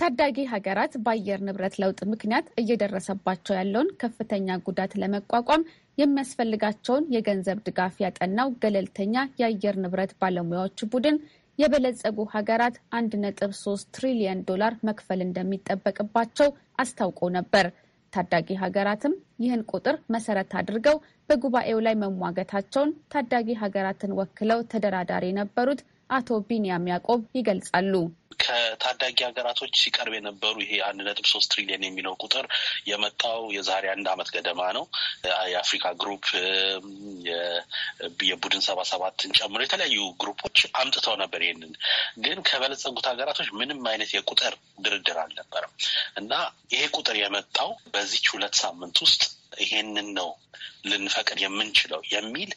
ታዳጊ ሀገራት በአየር ንብረት ለውጥ ምክንያት እየደረሰባቸው ያለውን ከፍተኛ ጉዳት ለመቋቋም የሚያስፈልጋቸውን የገንዘብ ድጋፍ ያጠናው ገለልተኛ የአየር ንብረት ባለሙያዎች ቡድን የበለጸጉ ሀገራት 1.3 ትሪሊየን ዶላር መክፈል እንደሚጠበቅባቸው አስታውቆ ነበር። ታዳጊ ሀገራትም ይህን ቁጥር መሰረት አድርገው በጉባኤው ላይ መሟገታቸውን ታዳጊ ሀገራትን ወክለው ተደራዳሪ የነበሩት አቶ ቢንያም ያዕቆብ ይገልጻሉ። ከታዳጊ ሀገራቶች ሲቀርብ የነበሩ ይሄ አንድ ነጥብ ሶስት ትሪሊየን የሚለው ቁጥር የመጣው የዛሬ አንድ አመት ገደማ ነው። የአፍሪካ ግሩፕ የቡድን ሰባ ሰባትን ጨምሮ የተለያዩ ግሩፖች አምጥተው ነበር። ይህንን ግን ከበለጸጉት ሀገራቶች ምንም አይነት የቁጥር ድርድር አልነበረም እና ይሄ ቁጥር የመጣው በዚች ሁለት ሳምንት ውስጥ ይሄንን ነው ልንፈቅድ የምንችለው የሚል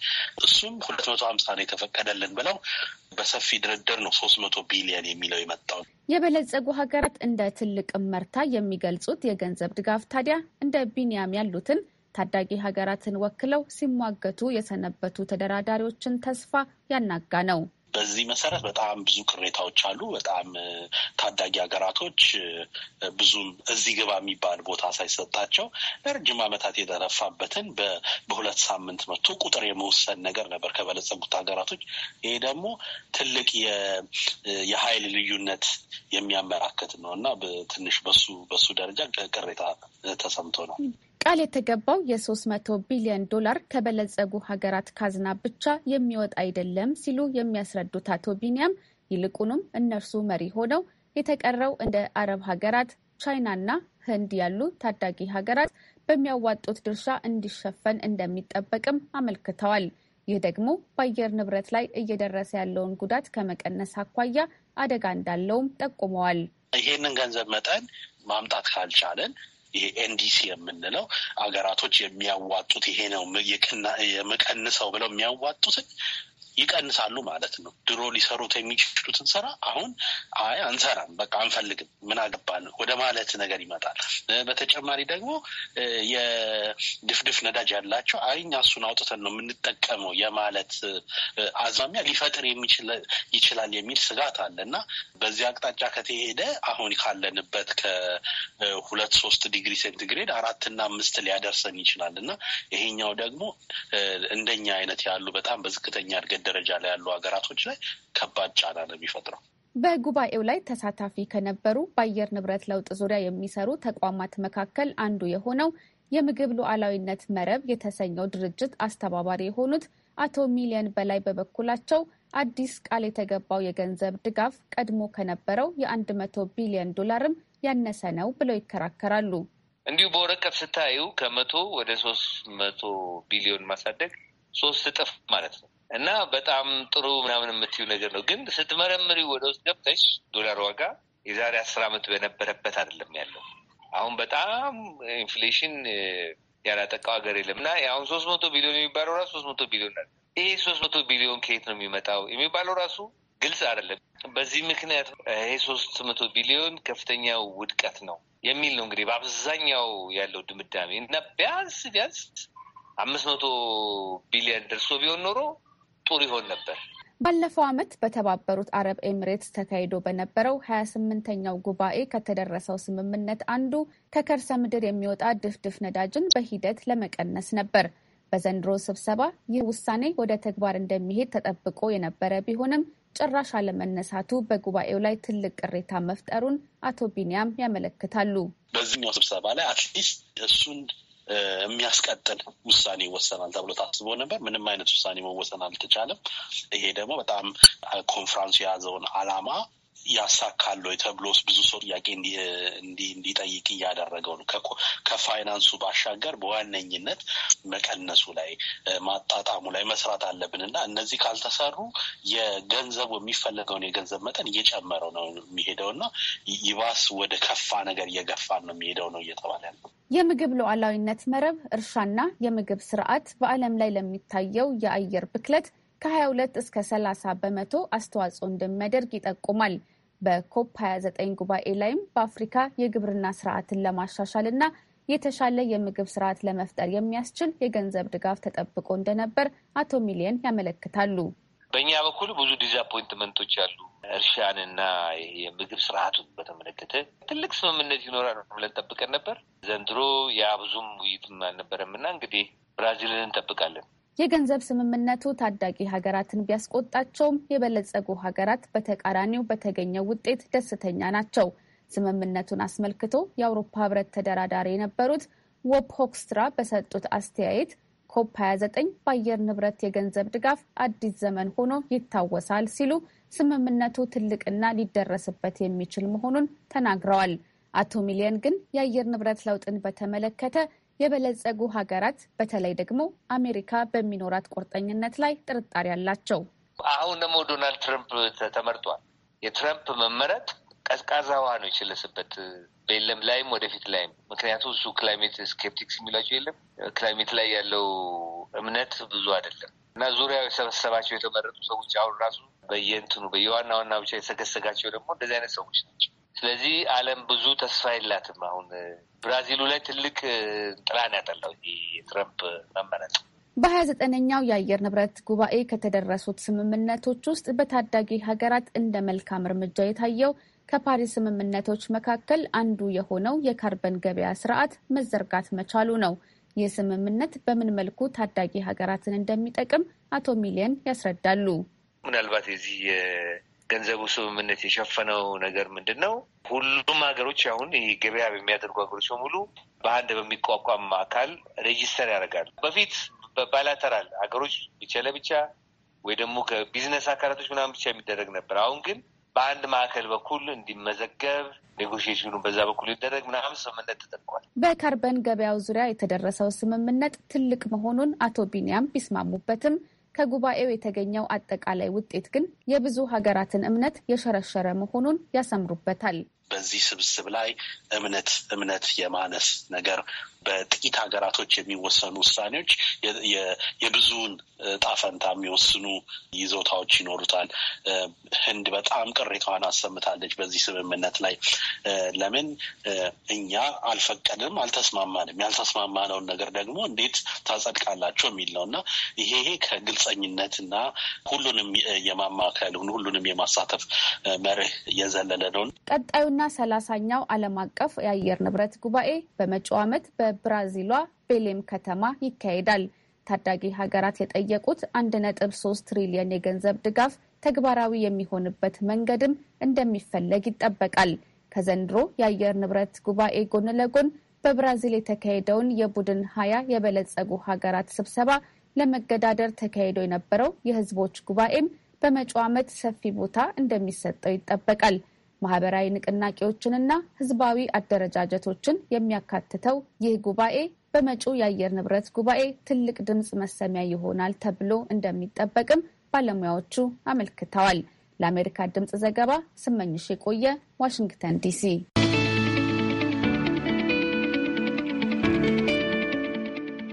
እሱም ሁለት መቶ ሀምሳ ነው የተፈቀደልን ብለው በሰፊ ድርድር ነው ሶስት መቶ ቢሊየን የሚለው የመጣው። የበለጸጉ ሀገራት እንደ ትልቅ መርታ የሚገልጹት የገንዘብ ድጋፍ ታዲያ እንደ ቢኒያም ያሉትን ታዳጊ ሀገራትን ወክለው ሲሟገቱ የሰነበቱ ተደራዳሪዎችን ተስፋ ያናጋ ነው። በዚህ መሰረት በጣም ብዙ ቅሬታዎች አሉ። በጣም ታዳጊ ሀገራቶች ብዙም እዚህ ግባ የሚባል ቦታ ሳይሰጣቸው ለረጅም ዓመታት የተለፋበትን በሁለት ሳምንት መቶ ቁጥር የመወሰን ነገር ነበር ከበለጸጉት ሀገራቶች። ይሄ ደግሞ ትልቅ የሀይል ልዩነት የሚያመላክት ነው እና ትንሽ በሱ በሱ ደረጃ ቅሬታ ተሰምቶ ነው። ቃል የተገባው የ300 ቢሊዮን ዶላር ከበለጸጉ ሀገራት ካዝና ብቻ የሚወጣ አይደለም ሲሉ የሚያስረዱት አቶ ቢኒያም ይልቁንም እነርሱ መሪ ሆነው የተቀረው እንደ አረብ ሀገራት፣ ቻይናና ህንድ ያሉ ታዳጊ ሀገራት በሚያዋጡት ድርሻ እንዲሸፈን እንደሚጠበቅም አመልክተዋል። ይህ ደግሞ በአየር ንብረት ላይ እየደረሰ ያለውን ጉዳት ከመቀነስ አኳያ አደጋ እንዳለውም ጠቁመዋል። ይህንን ገንዘብ መጠን ማምጣት ካልቻለን ይሄ ኤንዲሲ የምንለው አገራቶች የሚያዋጡት ይሄ ነው የመቀንሰው ብለው የሚያዋጡትን ይቀንሳሉ ማለት ነው። ድሮ ሊሰሩት የሚችሉትን ስራ አሁን አይ አንሰራም፣ በቃ አንፈልግም፣ ምን አገባን ወደ ማለት ነገር ይመጣል። በተጨማሪ ደግሞ የድፍድፍ ነዳጅ ያላቸው አይ እኛ እሱን አውጥተን ነው የምንጠቀመው የማለት አዝማሚያ ሊፈጥር ይችላል የሚል ስጋት አለ እና በዚህ አቅጣጫ ከተሄደ አሁን ካለንበት ከሁለት ሶስት ዲግሪ ሴንቲግሬድ አራትና አምስት ሊያደርሰን ይችላል እና ይሄኛው ደግሞ እንደኛ አይነት ያሉ በጣም በዝቅተኛ እድገት ደረጃ ላይ ያሉ ሀገራቶች ላይ ከባድ ጫና ነው የሚፈጥረው። በጉባኤው ላይ ተሳታፊ ከነበሩ በአየር ንብረት ለውጥ ዙሪያ የሚሰሩ ተቋማት መካከል አንዱ የሆነው የምግብ ሉዓላዊነት መረብ የተሰኘው ድርጅት አስተባባሪ የሆኑት አቶ ሚሊየን በላይ በበኩላቸው አዲስ ቃል የተገባው የገንዘብ ድጋፍ ቀድሞ ከነበረው የ መቶ ቢሊዮን ዶላርም ያነሰ ነው ብለው ይከራከራሉ። እንዲሁ በወረቀት ስታዩ ከመቶ ወደ ሶስት መቶ ቢሊዮን ማሳደግ ሶስት እጥፍ ማለት ነው። እና በጣም ጥሩ ምናምን የምትዩ ነገር ነው። ግን ስትመረምሪ ወደ ውስጥ ገብተሽ ዶላር ዋጋ የዛሬ አስር ዓመት በነበረበት አይደለም ያለው። አሁን በጣም ኢንፍሌሽን ያላጠቃው ሀገር የለም እና አሁን ሶስት መቶ ቢሊዮን የሚባለው ራሱ ሶስት መቶ ቢሊዮን አለ። ይሄ ሶስት መቶ ቢሊዮን ከየት ነው የሚመጣው የሚባለው ራሱ ግልጽ አይደለም። በዚህ ምክንያት ይሄ ሶስት መቶ ቢሊዮን ከፍተኛው ውድቀት ነው የሚል ነው እንግዲህ በአብዛኛው ያለው ድምዳሜ እና ቢያንስ ቢያንስ አምስት መቶ ቢሊዮን ደርሶ ቢሆን ኖሮ ጥሩ ይሆን ነበር። ባለፈው ዓመት በተባበሩት አረብ ኤሚሬትስ ተካሂዶ በነበረው ሀያ ስምንተኛው ጉባኤ ከተደረሰው ስምምነት አንዱ ከከርሰ ምድር የሚወጣ ድፍድፍ ነዳጅን በሂደት ለመቀነስ ነበር። በዘንድሮ ስብሰባ ይህ ውሳኔ ወደ ተግባር እንደሚሄድ ተጠብቆ የነበረ ቢሆንም ጭራሽ አለመነሳቱ በጉባኤው ላይ ትልቅ ቅሬታ መፍጠሩን አቶ ቢኒያም ያመለክታሉ። በዚህኛው ስብሰባ ላይ አትሊስት እሱን የሚያስቀጥል ውሳኔ ይወሰናል ተብሎ ታስቦ ነበር። ምንም አይነት ውሳኔ መወሰን አልተቻለም። ይሄ ደግሞ በጣም ኮንፍራንሱ የያዘውን አላማ። ያሳካሉ ተብሎ ብዙ ሰው ጥያቄ እንዲጠይቅ እያደረገው ነው። ከፋይናንሱ ባሻገር በዋነኝነት መቀነሱ ላይ ማጣጣሙ ላይ መስራት አለብን እና እነዚህ ካልተሰሩ የገንዘቡ የሚፈለገውን የገንዘብ መጠን እየጨመረው ነው የሚሄደው እና ይባስ ወደ ከፋ ነገር እየገፋን ነው የሚሄደው ነው እየተባለ ነው። የምግብ ሉዓላዊነት መረብ እርሻና የምግብ ስርዓት በዓለም ላይ ለሚታየው የአየር ብክለት ከ22 እስከ 30 በመቶ አስተዋጽኦ እንደሚያደርግ ይጠቁማል። በኮፕ 29 ጉባኤ ላይም በአፍሪካ የግብርና ስርዓትን ለማሻሻል እና የተሻለ የምግብ ስርዓት ለመፍጠር የሚያስችል የገንዘብ ድጋፍ ተጠብቆ እንደነበር አቶ ሚሊየን ያመለክታሉ። በእኛ በኩል ብዙ ዲዛፖይንትመንቶች አሉ። እርሻንና የምግብ ስርዓቱን በተመለከተ ትልቅ ስምምነት ይኖራል ብለን ጠብቀን ነበር። ዘንድሮ ያ ብዙም ውይይትም አልነበረም እና እንግዲህ ብራዚልን እንጠብቃለን። የገንዘብ ስምምነቱ ታዳጊ ሀገራትን ቢያስቆጣቸውም የበለጸጉ ሀገራት በተቃራኒው በተገኘው ውጤት ደስተኛ ናቸው። ስምምነቱን አስመልክቶ የአውሮፓ ሕብረት ተደራዳሪ የነበሩት ዎብ ሆክስትራ በሰጡት አስተያየት ኮፕ 29 በአየር ንብረት የገንዘብ ድጋፍ አዲስ ዘመን ሆኖ ይታወሳል ሲሉ ስምምነቱ ትልቅና ሊደረስበት የሚችል መሆኑን ተናግረዋል። አቶ ሚሊየን ግን የአየር ንብረት ለውጥን በተመለከተ የበለጸጉ ሀገራት በተለይ ደግሞ አሜሪካ በሚኖራት ቁርጠኝነት ላይ ጥርጣሬ አላቸው። አሁን ደግሞ ዶናልድ ትረምፕ ተመርጧል። የትረምፕ መመረጥ ቀዝቃዛ ውሃ ነው የቸለሰበት በየለም ላይም ወደፊት ላይም ምክንያቱም እሱ ክላይሜት ስኬፕቲክስ የሚላቸው የለም ክላይሜት ላይ ያለው እምነት ብዙ አይደለም እና ዙሪያው የሰበሰባቸው የተመረጡ ሰዎች አሁን ራሱ በየእንትኑ በየዋና ዋና ብቻ የሰገሰጋቸው ደግሞ እንደዚህ አይነት ሰዎች ናቸው። ስለዚህ ዓለም ብዙ ተስፋ የላትም። አሁን ብራዚሉ ላይ ትልቅ ጥላን ያጠላው የትረምፕ መመረጥ በሀያ ዘጠነኛው የአየር ንብረት ጉባኤ ከተደረሱት ስምምነቶች ውስጥ በታዳጊ ሀገራት እንደ መልካም እርምጃ የታየው ከፓሪስ ስምምነቶች መካከል አንዱ የሆነው የካርበን ገበያ ስርዓት መዘርጋት መቻሉ ነው። ይህ ስምምነት በምን መልኩ ታዳጊ ሀገራትን እንደሚጠቅም አቶ ሚሊየን ያስረዳሉ። ምናልባት የዚህ ገንዘቡ ስምምነት የሸፈነው ነገር ምንድን ነው? ሁሉም ሀገሮች አሁን ገበያ በሚያደርጉ ሀገሮች በሙሉ በአንድ በሚቋቋም አካል ሬጂስተር ያደርጋሉ። በፊት ባይላተራል ሀገሮች ብቻ ለብቻ ወይ ደግሞ ከቢዝነስ አካላቶች ምናምን ብቻ የሚደረግ ነበር። አሁን ግን በአንድ ማዕከል በኩል እንዲመዘገብ ኔጎሽሽኑ በዛ በኩል ይደረግ ምናምን ስምምነት ተጠቅቋል። በካርበን ገበያው ዙሪያ የተደረሰው ስምምነት ትልቅ መሆኑን አቶ ቢንያም ቢስማሙበትም ከጉባኤው የተገኘው አጠቃላይ ውጤት ግን የብዙ ሀገራትን እምነት የሸረሸረ መሆኑን ያሰምሩበታል። በዚህ ስብስብ ላይ እምነት እምነት የማነስ ነገር በጥቂት ሀገራቶች የሚወሰኑ ውሳኔዎች የብዙውን ጣፈንታ የሚወስኑ ይዞታዎች ይኖሩታል። ህንድ በጣም ቅሬታዋን አሰምታለች በዚህ ስምምነት ላይ። ለምን እኛ አልፈቀድም፣ አልተስማማንም፣ ያልተስማማነውን ነገር ደግሞ እንዴት ታጸድቃላቸው የሚል ነው እና ይሄ ከግልጸኝነት እና ሁሉንም የማማከል ሁሉንም የማሳተፍ መርህ የዘለለ ነው። ቀጣዩ መቶና ሰላሳኛው ዓለም አቀፍ የአየር ንብረት ጉባኤ በመጪው ዓመት በብራዚሏ ቤሌም ከተማ ይካሄዳል። ታዳጊ ሀገራት የጠየቁት አንድ ነጥብ ሶስት ትሪሊየን የገንዘብ ድጋፍ ተግባራዊ የሚሆንበት መንገድም እንደሚፈለግ ይጠበቃል። ከዘንድሮ የአየር ንብረት ጉባኤ ጎን ለጎን በብራዚል የተካሄደውን የቡድን ሀያ የበለጸጉ ሀገራት ስብሰባ ለመገዳደር ተካሂዶ የነበረው የህዝቦች ጉባኤም በመጪው ዓመት ሰፊ ቦታ እንደሚሰጠው ይጠበቃል። ማህበራዊ ንቅናቄዎችንና ህዝባዊ አደረጃጀቶችን የሚያካትተው ይህ ጉባኤ በመጪው የአየር ንብረት ጉባኤ ትልቅ ድምፅ መሰሚያ ይሆናል ተብሎ እንደሚጠበቅም ባለሙያዎቹ አመልክተዋል። ለአሜሪካ ድምፅ ዘገባ ስመኝሽ የቆየ ዋሽንግተን ዲሲ።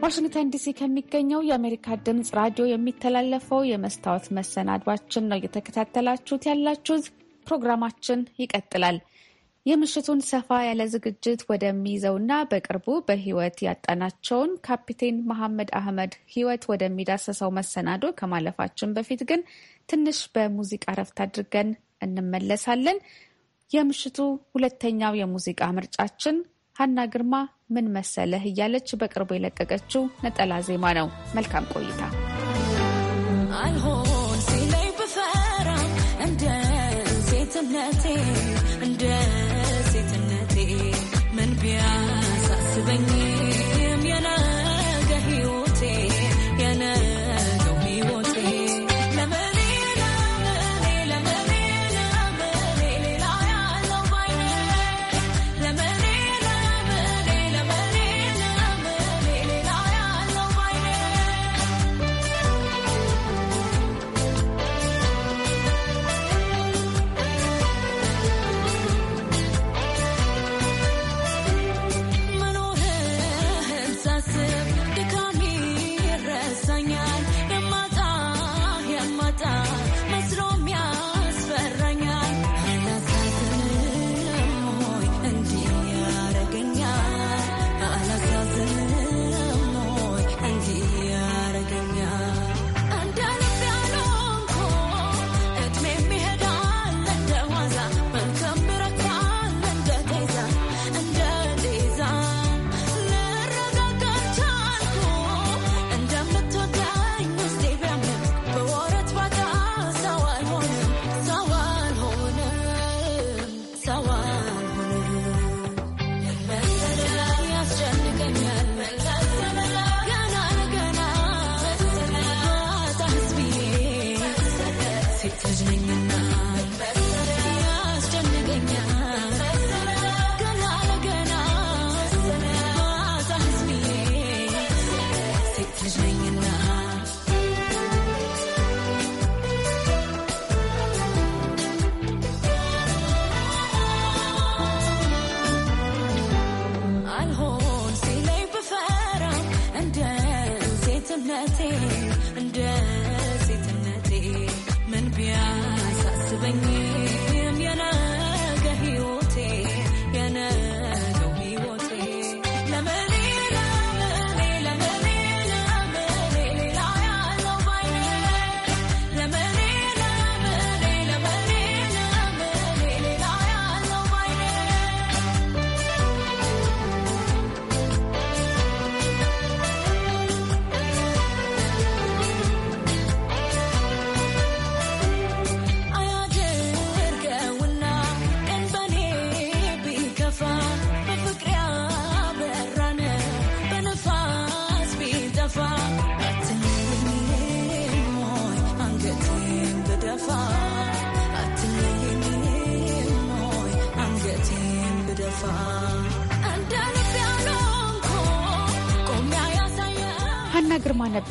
ዋሽንግተን ዲሲ ከሚገኘው የአሜሪካ ድምፅ ራዲዮ የሚተላለፈው የመስታወት መሰናዷችን ነው እየተከታተላችሁት ያላችሁት። ፕሮግራማችን ይቀጥላል። የምሽቱን ሰፋ ያለ ዝግጅት ወደሚይዘውና በቅርቡ በህይወት ያጣናቸውን ካፒቴን መሐመድ አህመድ ህይወት ወደሚዳሰሰው መሰናዶ ከማለፋችን በፊት ግን ትንሽ በሙዚቃ ረፍት አድርገን እንመለሳለን። የምሽቱ ሁለተኛው የሙዚቃ ምርጫችን ሀና ግርማ ምን መሰለህ እያለች በቅርቡ የለቀቀችው ነጠላ ዜማ ነው። መልካም ቆይታ። nothing.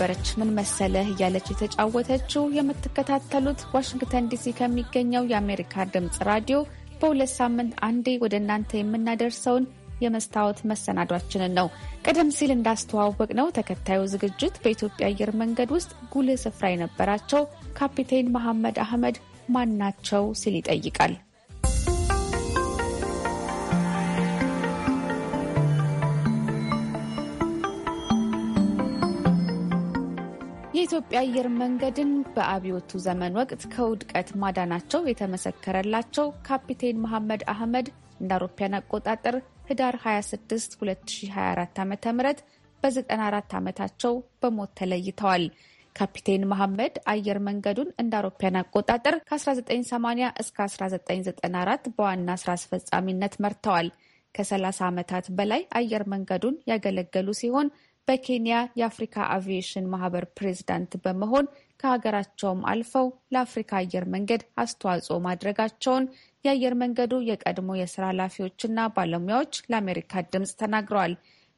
ነበረች ምን መሰለህ እያለች የተጫወተችው። የምትከታተሉት ዋሽንግተን ዲሲ ከሚገኘው የአሜሪካ ድምፅ ራዲዮ በሁለት ሳምንት አንዴ ወደ እናንተ የምናደርሰውን የመስታወት መሰናዷችንን ነው። ቀደም ሲል እንዳስተዋወቅ ነው ተከታዩ ዝግጅት በኢትዮጵያ አየር መንገድ ውስጥ ጉልህ ስፍራ የነበራቸው ካፒቴን መሐመድ አህመድ ማን ናቸው ሲል ይጠይቃል። የኢትዮጵያ አየር መንገድን በአብዮቱ ዘመን ወቅት ከውድቀት ማዳናቸው የተመሰከረላቸው ካፒቴን መሐመድ አህመድ እንደ አውሮፓውያን አቆጣጠር ህዳር 26 2024 ም በ94 ዓመታቸው በሞት ተለይተዋል። ካፒቴን መሐመድ አየር መንገዱን እንደ አውሮፓውያን አቆጣጠር ከ1980 እስከ 1994 በዋና ስራ አስፈጻሚነት መርተዋል። ከ30 ዓመታት በላይ አየር መንገዱን ያገለገሉ ሲሆን በኬንያ የአፍሪካ አቪዬሽን ማህበር ፕሬዝዳንት በመሆን ከሀገራቸውም አልፈው ለአፍሪካ አየር መንገድ አስተዋጽኦ ማድረጋቸውን የአየር መንገዱ የቀድሞ የስራ ኃላፊዎችና ባለሙያዎች ለአሜሪካ ድምፅ ተናግረዋል።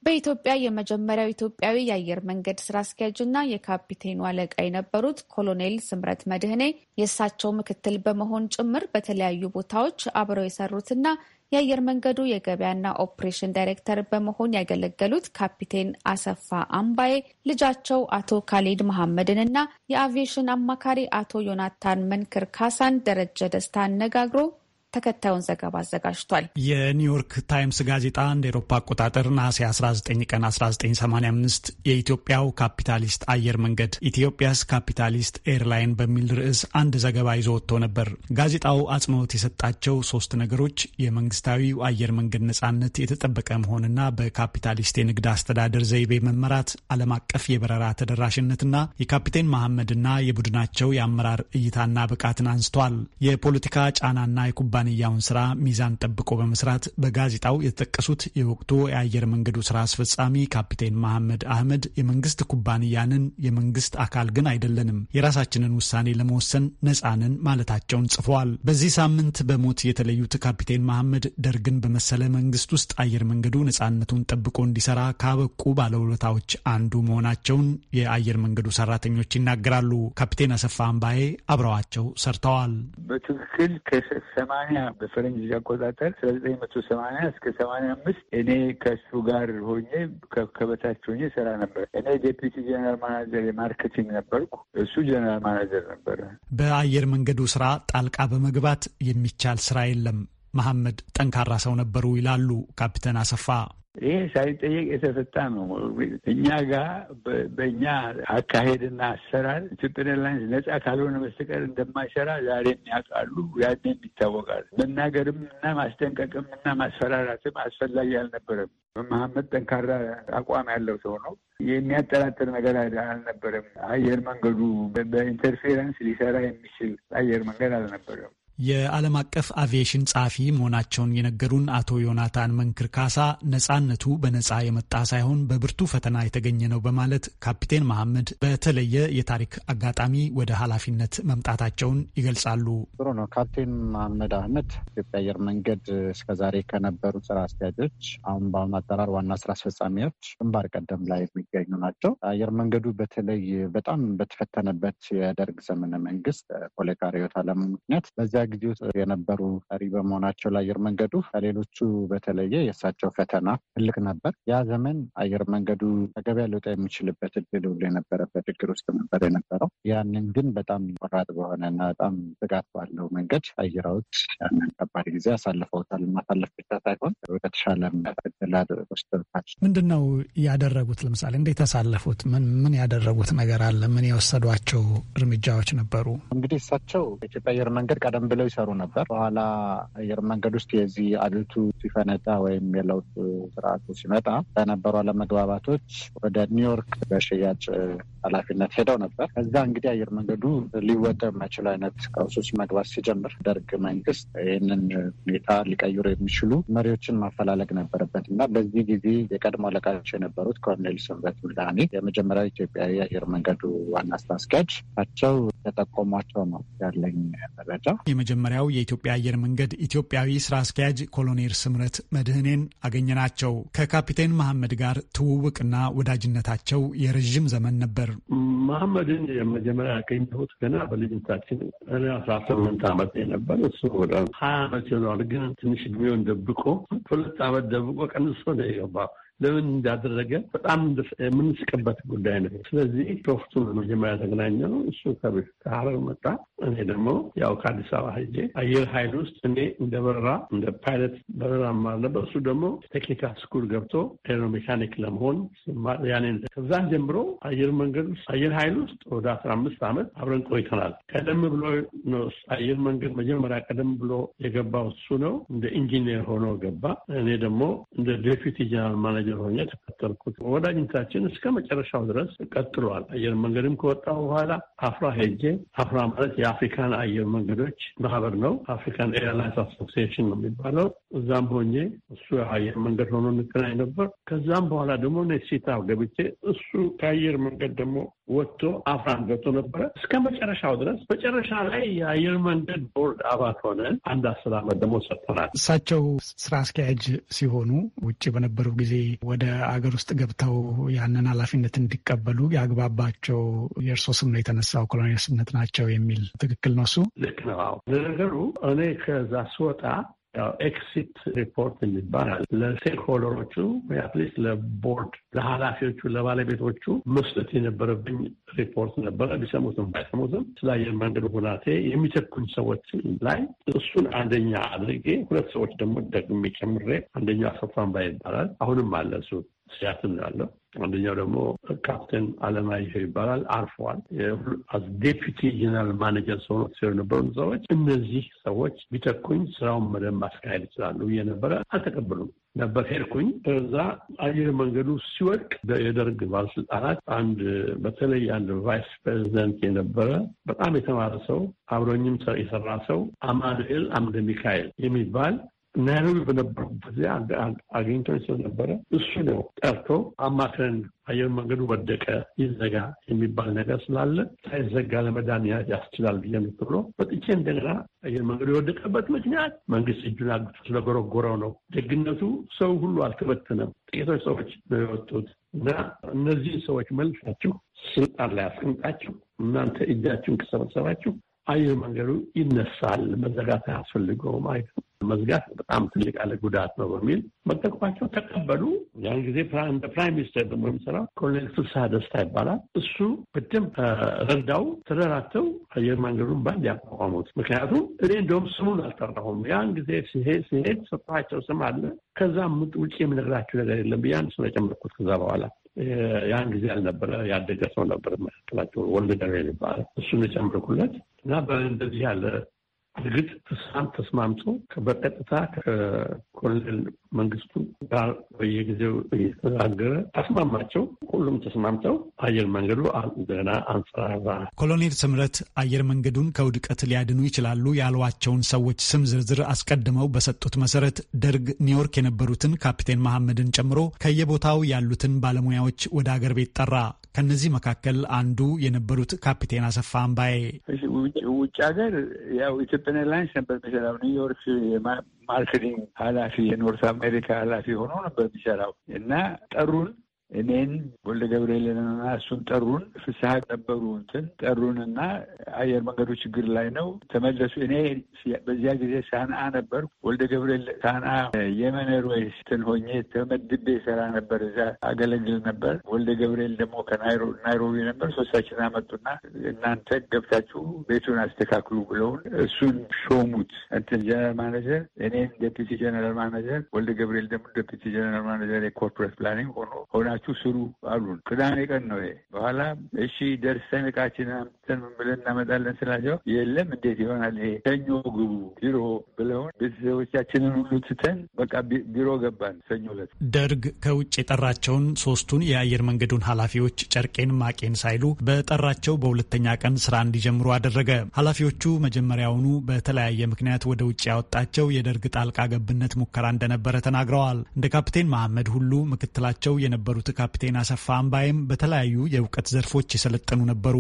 በኢትዮጵያ የመጀመሪያው ኢትዮጵያዊ የአየር መንገድ ስራ አስኪያጅና የካፒቴኑ አለቃ የነበሩት ኮሎኔል ስምረት መድህኔ የእሳቸው ምክትል በመሆን ጭምር በተለያዩ ቦታዎች አብረው የሰሩትና የአየር መንገዱ የገበያና ኦፕሬሽን ዳይሬክተር በመሆን ያገለገሉት ካፒቴን አሰፋ አምባዬ ልጃቸው አቶ ካሊድ መሐመድንና የአቪዬሽን አማካሪ አቶ ዮናታን መንክር ካሳን ደረጀ ደስታ አነጋግሮ ተከታዩን ዘገባ አዘጋጅቷል። የኒውዮርክ ታይምስ ጋዜጣ እንደ ኤሮፓ አቆጣጠር ነሐሴ 19 ቀን 1985 የኢትዮጵያው ካፒታሊስት አየር መንገድ ኢትዮጵያስ ካፒታሊስት ኤርላይን በሚል ርዕስ አንድ ዘገባ ይዞ ወጥቶ ነበር። ጋዜጣው አጽንኦት የሰጣቸው ሶስት ነገሮች የመንግስታዊው አየር መንገድ ነጻነት የተጠበቀ መሆንና በካፒታሊስት የንግድ አስተዳደር ዘይቤ መመራት፣ ዓለም አቀፍ የበረራ ተደራሽነትና የካፒቴን መሐመድና የቡድናቸው የአመራር እይታና ብቃትን አንስቷል። የፖለቲካ ጫናና የኩባ የኩባንያውን ስራ ሚዛን ጠብቆ በመስራት በጋዜጣው የተጠቀሱት የወቅቱ የአየር መንገዱ ስራ አስፈጻሚ ካፒቴን መሐመድ አህመድ የመንግስት ኩባንያንን የመንግስት አካል ግን አይደለንም፣ የራሳችንን ውሳኔ ለመወሰን ነፃንን ማለታቸውን ጽፈዋል። በዚህ ሳምንት በሞት የተለዩት ካፒቴን መሐመድ ደርግን በመሰለ መንግስት ውስጥ አየር መንገዱ ነፃነቱን ጠብቆ እንዲሰራ ካበቁ ባለውለታዎች አንዱ መሆናቸውን የአየር መንገዱ ሰራተኞች ይናገራሉ። ካፒቴን አሰፋ አምባዬ አብረዋቸው ሰርተዋል። በትክክል ከሰማኒ ሰማኒያ በፈረንጅ አቆጣጠር ስለ ዘጠኝ መቶ ሰማኒያ እስከ ሰማኒያ አምስት እኔ ከሱ ጋር ሆኜ ከበታች ሆኜ ስራ ነበር። እኔ ዴፒቲ ጀነራል ማናጀር የማርኬቲንግ ነበርኩ፣ እሱ ጀነራል ማናጀር ነበረ። በአየር መንገዱ ስራ ጣልቃ በመግባት የሚቻል ስራ የለም። መሐመድ ጠንካራ ሰው ነበሩ ይላሉ ካፒቴን አሰፋ። ይሄ ሳይጠየቅ የተፈታ ነው። እኛ ጋር በእኛ አካሄድና አሰራር ኢትዮጵያ ኤርላይንስ ነጻ ካልሆነ በስተቀር እንደማይሰራ ዛሬም ያውቃሉ፣ ያኔም ይታወቃል። መናገርም እና ማስጠንቀቅም እና ማስፈራራትም አስፈላጊ አልነበረም። መሐመድ ጠንካራ አቋም ያለው ሰው ነው። የሚያጠራጥር ነገር አልነበረም። አየር መንገዱ በኢንተርፌረንስ ሊሰራ የሚችል አየር መንገድ አልነበረም። የዓለም አቀፍ አቪዬሽን ጸሐፊ መሆናቸውን የነገሩን አቶ ዮናታን መንክር ካሳ ነጻነቱ በነጻ የመጣ ሳይሆን በብርቱ ፈተና የተገኘ ነው በማለት ካፒቴን መሐመድ በተለየ የታሪክ አጋጣሚ ወደ ኃላፊነት መምጣታቸውን ይገልጻሉ። ጥሩ ነው። ካፕቴን መሐመድ አህመድ ኢትዮጵያ አየር መንገድ እስከዛሬ ከነበሩ ስራ አስኪያጆች አሁን በአሁኑ አጠራር ዋና ስራ አስፈጻሚዎች ግንባር ቀደም ላይ የሚገኙ ናቸው። አየር መንገዱ በተለይ በጣም በተፈተነበት የደርግ ዘመነ መንግስት ፖለካሪዮት ርዕዮተ ምክንያት በዚያ ጊዜ ውስጥ የነበሩ ፈሪ በመሆናቸው ለአየር መንገዱ ከሌሎቹ በተለየ የእሳቸው ፈተና ትልቅ ነበር። ያ ዘመን አየር መንገዱ ከገበያ ሊወጣ የሚችልበት እድል ሁሉ የነበረበት ችግር ውስጥ ነበር የነበረው። ያንን ግን በጣም ቆራጥ በሆነና በጣም ስጋት ባለው መንገድ አየራዎች ያንን ከባድ ጊዜ አሳልፈውታል። ማሳለፍ ብቻ ሳይሆን ወደ ተሻለ እድል ምንድን ነው ያደረጉት? ለምሳሌ እንዴት አሳለፉት? ምን ምን ያደረጉት ነገር አለ? ምን የወሰዷቸው እርምጃዎች ነበሩ? እንግዲህ እሳቸው የኢትዮጵያ አየር መንገድ ቀደም ብለው ይሰሩ ነበር። በኋላ አየር መንገድ ውስጥ የዚህ አብዮቱ ሲፈነዳ ወይም የለውጥ ስርዓቱ ሲመጣ በነበሩ አለመግባባቶች ወደ ኒውዮርክ በሽያጭ ኃላፊነት ሄደው ነበር። ከዛ እንግዲህ አየር መንገዱ ሊወጠ የማይችሉ አይነት ቀውስ ውስጥ መግባት ሲጀምር ደርግ መንግስት ይህንን ሁኔታ ሊቀይሩ የሚችሉ መሪዎችን ማፈላለግ ነበረበት እና በዚህ ጊዜ የቀድሞ አለቃቸው የነበሩት ኮሎኔል ስንበት ምዳኔ የመጀመሪያው ኢትዮጵያዊ አየር መንገዱ ዋና ስራ አስኪያጅ ናቸው። ተጠቆሟቸው ነው ያለኝ መረጃ። የመጀመሪያው የኢትዮጵያ አየር መንገድ ኢትዮጵያዊ ስራ አስኪያጅ ኮሎኔል ስምረት መድህኔን አገኘናቸው። ከካፒቴን መሐመድ ጋር ትውውቅና ወዳጅነታቸው የረዥም ዘመን ነበር። መሐመድን የመጀመሪያ ያገኘሁት ገና በልጅነታችን እኔ አስራ ስምንት ዓመት ነበር፣ እሱ ወደ ሀያ ዓመት ይሆናል። ግን ትንሽ እድሜውን ደብቆ ሁለት ዓመት ደብቆ ቀንሶ ነው የገባው ለምን እንዳደረገ በጣም የምንስቅበት ጉዳይ ነው። ስለዚህ ፕሮፍቱ መጀመሪያ ተገናኘው። እሱ ከሀረር መጣ። እኔ ደግሞ ያው ከአዲስ አበባ ሄጄ አየር ኃይል ውስጥ እኔ እንደ በረራ እንደ ፓይለት በረራ ነበር። እሱ ደግሞ ቴክኒካል ስኩል ገብቶ ኤሮሜካኒክ ለመሆን ያኔ ከዛን ጀምሮ አየር መንገድ ውስጥ አየር ኃይል ውስጥ ወደ አስራ አምስት ዓመት አብረን ቆይተናል። ቀደም ብሎ ነው አየር መንገድ መጀመሪያ ቀደም ብሎ የገባው እሱ ነው። እንደ ኢንጂኒየር ሆኖ ገባ። እኔ ደግሞ እንደ ዴፒቲ ጀነራል ማናጀር ሆኜ ተከተልኩት። ወዳጅነታችን እስከ መጨረሻው ድረስ ቀጥሏል። አየር መንገድም ከወጣ በኋላ አፍራ ሄጄ አፍራ ማለት የአፍሪካን አየር መንገዶች ማህበር ነው። አፍሪካን ኤርላይንስ አሶሲዬሽን ነው የሚባለው። እዛም ሆኜ እሱ አየር መንገድ ሆኖ እንገናኝ ነበር። ከዛም በኋላ ደግሞ ኔሲታ ገብቼ እሱ ከአየር መንገድ ደግሞ ወጥቶ አፍራን ገብቶ ነበረ እስከ መጨረሻው ድረስ። መጨረሻ ላይ የአየር መንገድ ቦርድ አባል ሆነ አንድ አስር ዓመት ደግሞ ሰጥቶናል። እሳቸው ስራ አስኪያጅ ሲሆኑ ውጭ በነበሩ ጊዜ ወደ አገር ውስጥ ገብተው ያንን ኃላፊነት እንዲቀበሉ ያግባባቸው የእርሶ ስም ነው የተነሳው ኮሎኔል ስምነት ናቸው የሚል ትክክል ነው? እሱ ልክ ነው። ለነገሩ እኔ ከዛ ስወጣ ኤክሲት ሪፖርት የሚባል ለስቴክሆልደሮቹ አትሊስት ለቦርድ ለኃላፊዎቹ ለባለቤቶቹ መስጠት የነበረብኝ ሪፖርት ነበረ። ቢሰሙትም ባይሰሙትም ስለ አየር መንገድ ሁናቴ የሚተኩኝ ሰዎች ላይ እሱን አንደኛ አድርጌ ሁለት ሰዎች ደግሞ ደግሜ ጨምሬ አንደኛው አሰፋን ባይ ይባላል። አሁንም አለ እሱ ስያትም ያለው አንደኛው ደግሞ ካፕቴን አለማይሄ ይባላል። አርፈዋል። ዴፒቲ ጀነራል ማኔጀር ሰሆኖ ሲሆ የነበሩ ሰዎች እነዚህ ሰዎች ቢተኩኝ ስራውን መደብ ማስካሄድ ይችላሉ ብዬ ነበረ። አልተቀበሉም ነበር ሄድኩኝ። እዛ አየር መንገዱ ሲወድቅ የደርግ ባለስልጣናት አንድ በተለይ አንድ ቫይስ ፕሬዚደንት የነበረ በጣም የተማረ ሰው አብሮኝም የሰራ ሰው አማኑኤል አምደ ሚካኤል የሚባል ናይሮቢ በነበሩ ጊዜ አግኝተው ስለነበረ እሱ ነው ጠርቶ አማክረን አየር መንገዱ ወደቀ ይዘጋ የሚባል ነገር ስላለ ሳይዘጋ ለመዳን ያስችላል ብዬ ምትብሎ በጥቼ እንደገና አየር መንገዱ የወደቀበት ምክንያት መንግስት እጁን አግቶ ስለጎረጎረው ነው። ደግነቱ ሰው ሁሉ አልተበተነም። ጥቂቶች ሰዎች ነው የወጡት እና እነዚህ ሰዎች መልሳችሁ ስልጣን ላይ አስቀምጣችሁ እናንተ እጃችሁን ከሰበሰባችሁ አየር መንገዱ ይነሳል፣ መዘጋት አያስፈልገውም አይደለም መዝጋት በጣም ትልቅ አለ ጉዳት ነው በሚል መጠቅባቸው ተቀበሉ። ያን ጊዜ እንደ ፕራይም ሚኒስተር ደግሞ የሚሰራው ኮሎኔል ፍስሐ ደስታ ይባላል። እሱ በደንብ ረዳው። ተደራተው አየር መንገዱን ባንድ ያቋቋሙት። ምክንያቱም እኔ እንደውም ስሙን አልጠራሁም። ያን ጊዜ ሲሄድ ሲሄድ ሰጥኋቸው ስም አለ። ከዛም ውጭ የምነግራችሁ ነገር የለም ብያን አንድ ጨመርኩት ከዛ በኋላ ያን ጊዜ አልነበረ ያደገ ሰው ነበር መካከላቸው ወልደ ደሬ ይባላል። እሱን የጨምርኩለት እና በእንደዚህ ያለ እርግጥ እሷም ተስማምቶ በቀጥታ ከኮሎኔል መንግስቱ ጋር በየጊዜው እየተነጋገረ ተስማማቸው። ሁሉም ተስማምተው አየር መንገዱ እንደገና አንሰራራ። ኮሎኔል ስምረት አየር መንገዱን ከውድቀት ሊያድኑ ይችላሉ ያሏቸውን ሰዎች ስም ዝርዝር አስቀድመው በሰጡት መሰረት ደርግ ኒውዮርክ የነበሩትን ካፕቴን መሐመድን ጨምሮ ከየቦታው ያሉትን ባለሙያዎች ወደ አገር ቤት ጠራ። ከነዚህ መካከል አንዱ የነበሩት ካፒቴን አሰፋ አምባዬ ውጭ ሀገር ያው ኢትዮጵያን ኤርላይንስ ነበር የሚሰራው። ኒውዮርክ ማርኬቲንግ ኃላፊ የኖርት አሜሪካ ኃላፊ ሆኖ ነበር የሚሰራው እና ጠሩን እኔን ወልደ ገብርኤልንና እሱን ጠሩን። ፍስሀ ነበሩ እንትን ጠሩንና አየር መንገዱ ችግር ላይ ነው ተመለሱ። እኔ በዚያ ጊዜ ሳንአ ነበር። ወልደ ገብርኤል ሳንአ የመን ኤርዌይስ እንትን ሆኜ ተመድቤ ሰራ ነበር። እዛ አገለግል ነበር። ወልደ ገብርኤል ደግሞ ከናይሮቢ ነበር። ሶስታችን አመጡና እናንተ ገብታችሁ ቤቱን አስተካክሉ ብለውን እሱን ሾሙት እንትን ጀነራል ማኔጀር፣ እኔን ዴፒቲ ጀነራል ማኔጀር፣ ወልደ ገብርኤል ደግሞ ዴፒቲ ጀነራል ማኔጀር የኮርፖሬት ፕላኒንግ ሆኖ ሆና ሄዳችሁ ስሩ አሉን። ቅዳሜ ቀን ነው ይሄ። በኋላ እሺ ደርሰን እቃችን አምጥተን ብለን እናመጣለን ስላቸው የለም እንዴት ይሆናል ይሄ ሰኞ ግቡ ቢሮ ብለውን ቤተሰቦቻችንን ሁሉ ትተን በቃ ቢሮ ገባን። ሰኞ ዕለት ደርግ ከውጭ የጠራቸውን ሶስቱን የአየር መንገዱን ኃላፊዎች ጨርቄን ማቄን ሳይሉ በጠራቸው በሁለተኛ ቀን ስራ እንዲጀምሩ አደረገ። ኃላፊዎቹ መጀመሪያውኑ በተለያየ ምክንያት ወደ ውጭ ያወጣቸው የደርግ ጣልቃ ገብነት ሙከራ እንደነበረ ተናግረዋል። እንደ ካፕቴን መሐመድ ሁሉ ምክትላቸው የነበሩት የነበሩት ካፕቴን አሰፋ አምባይም በተለያዩ የእውቀት ዘርፎች የሰለጠኑ ነበሩ።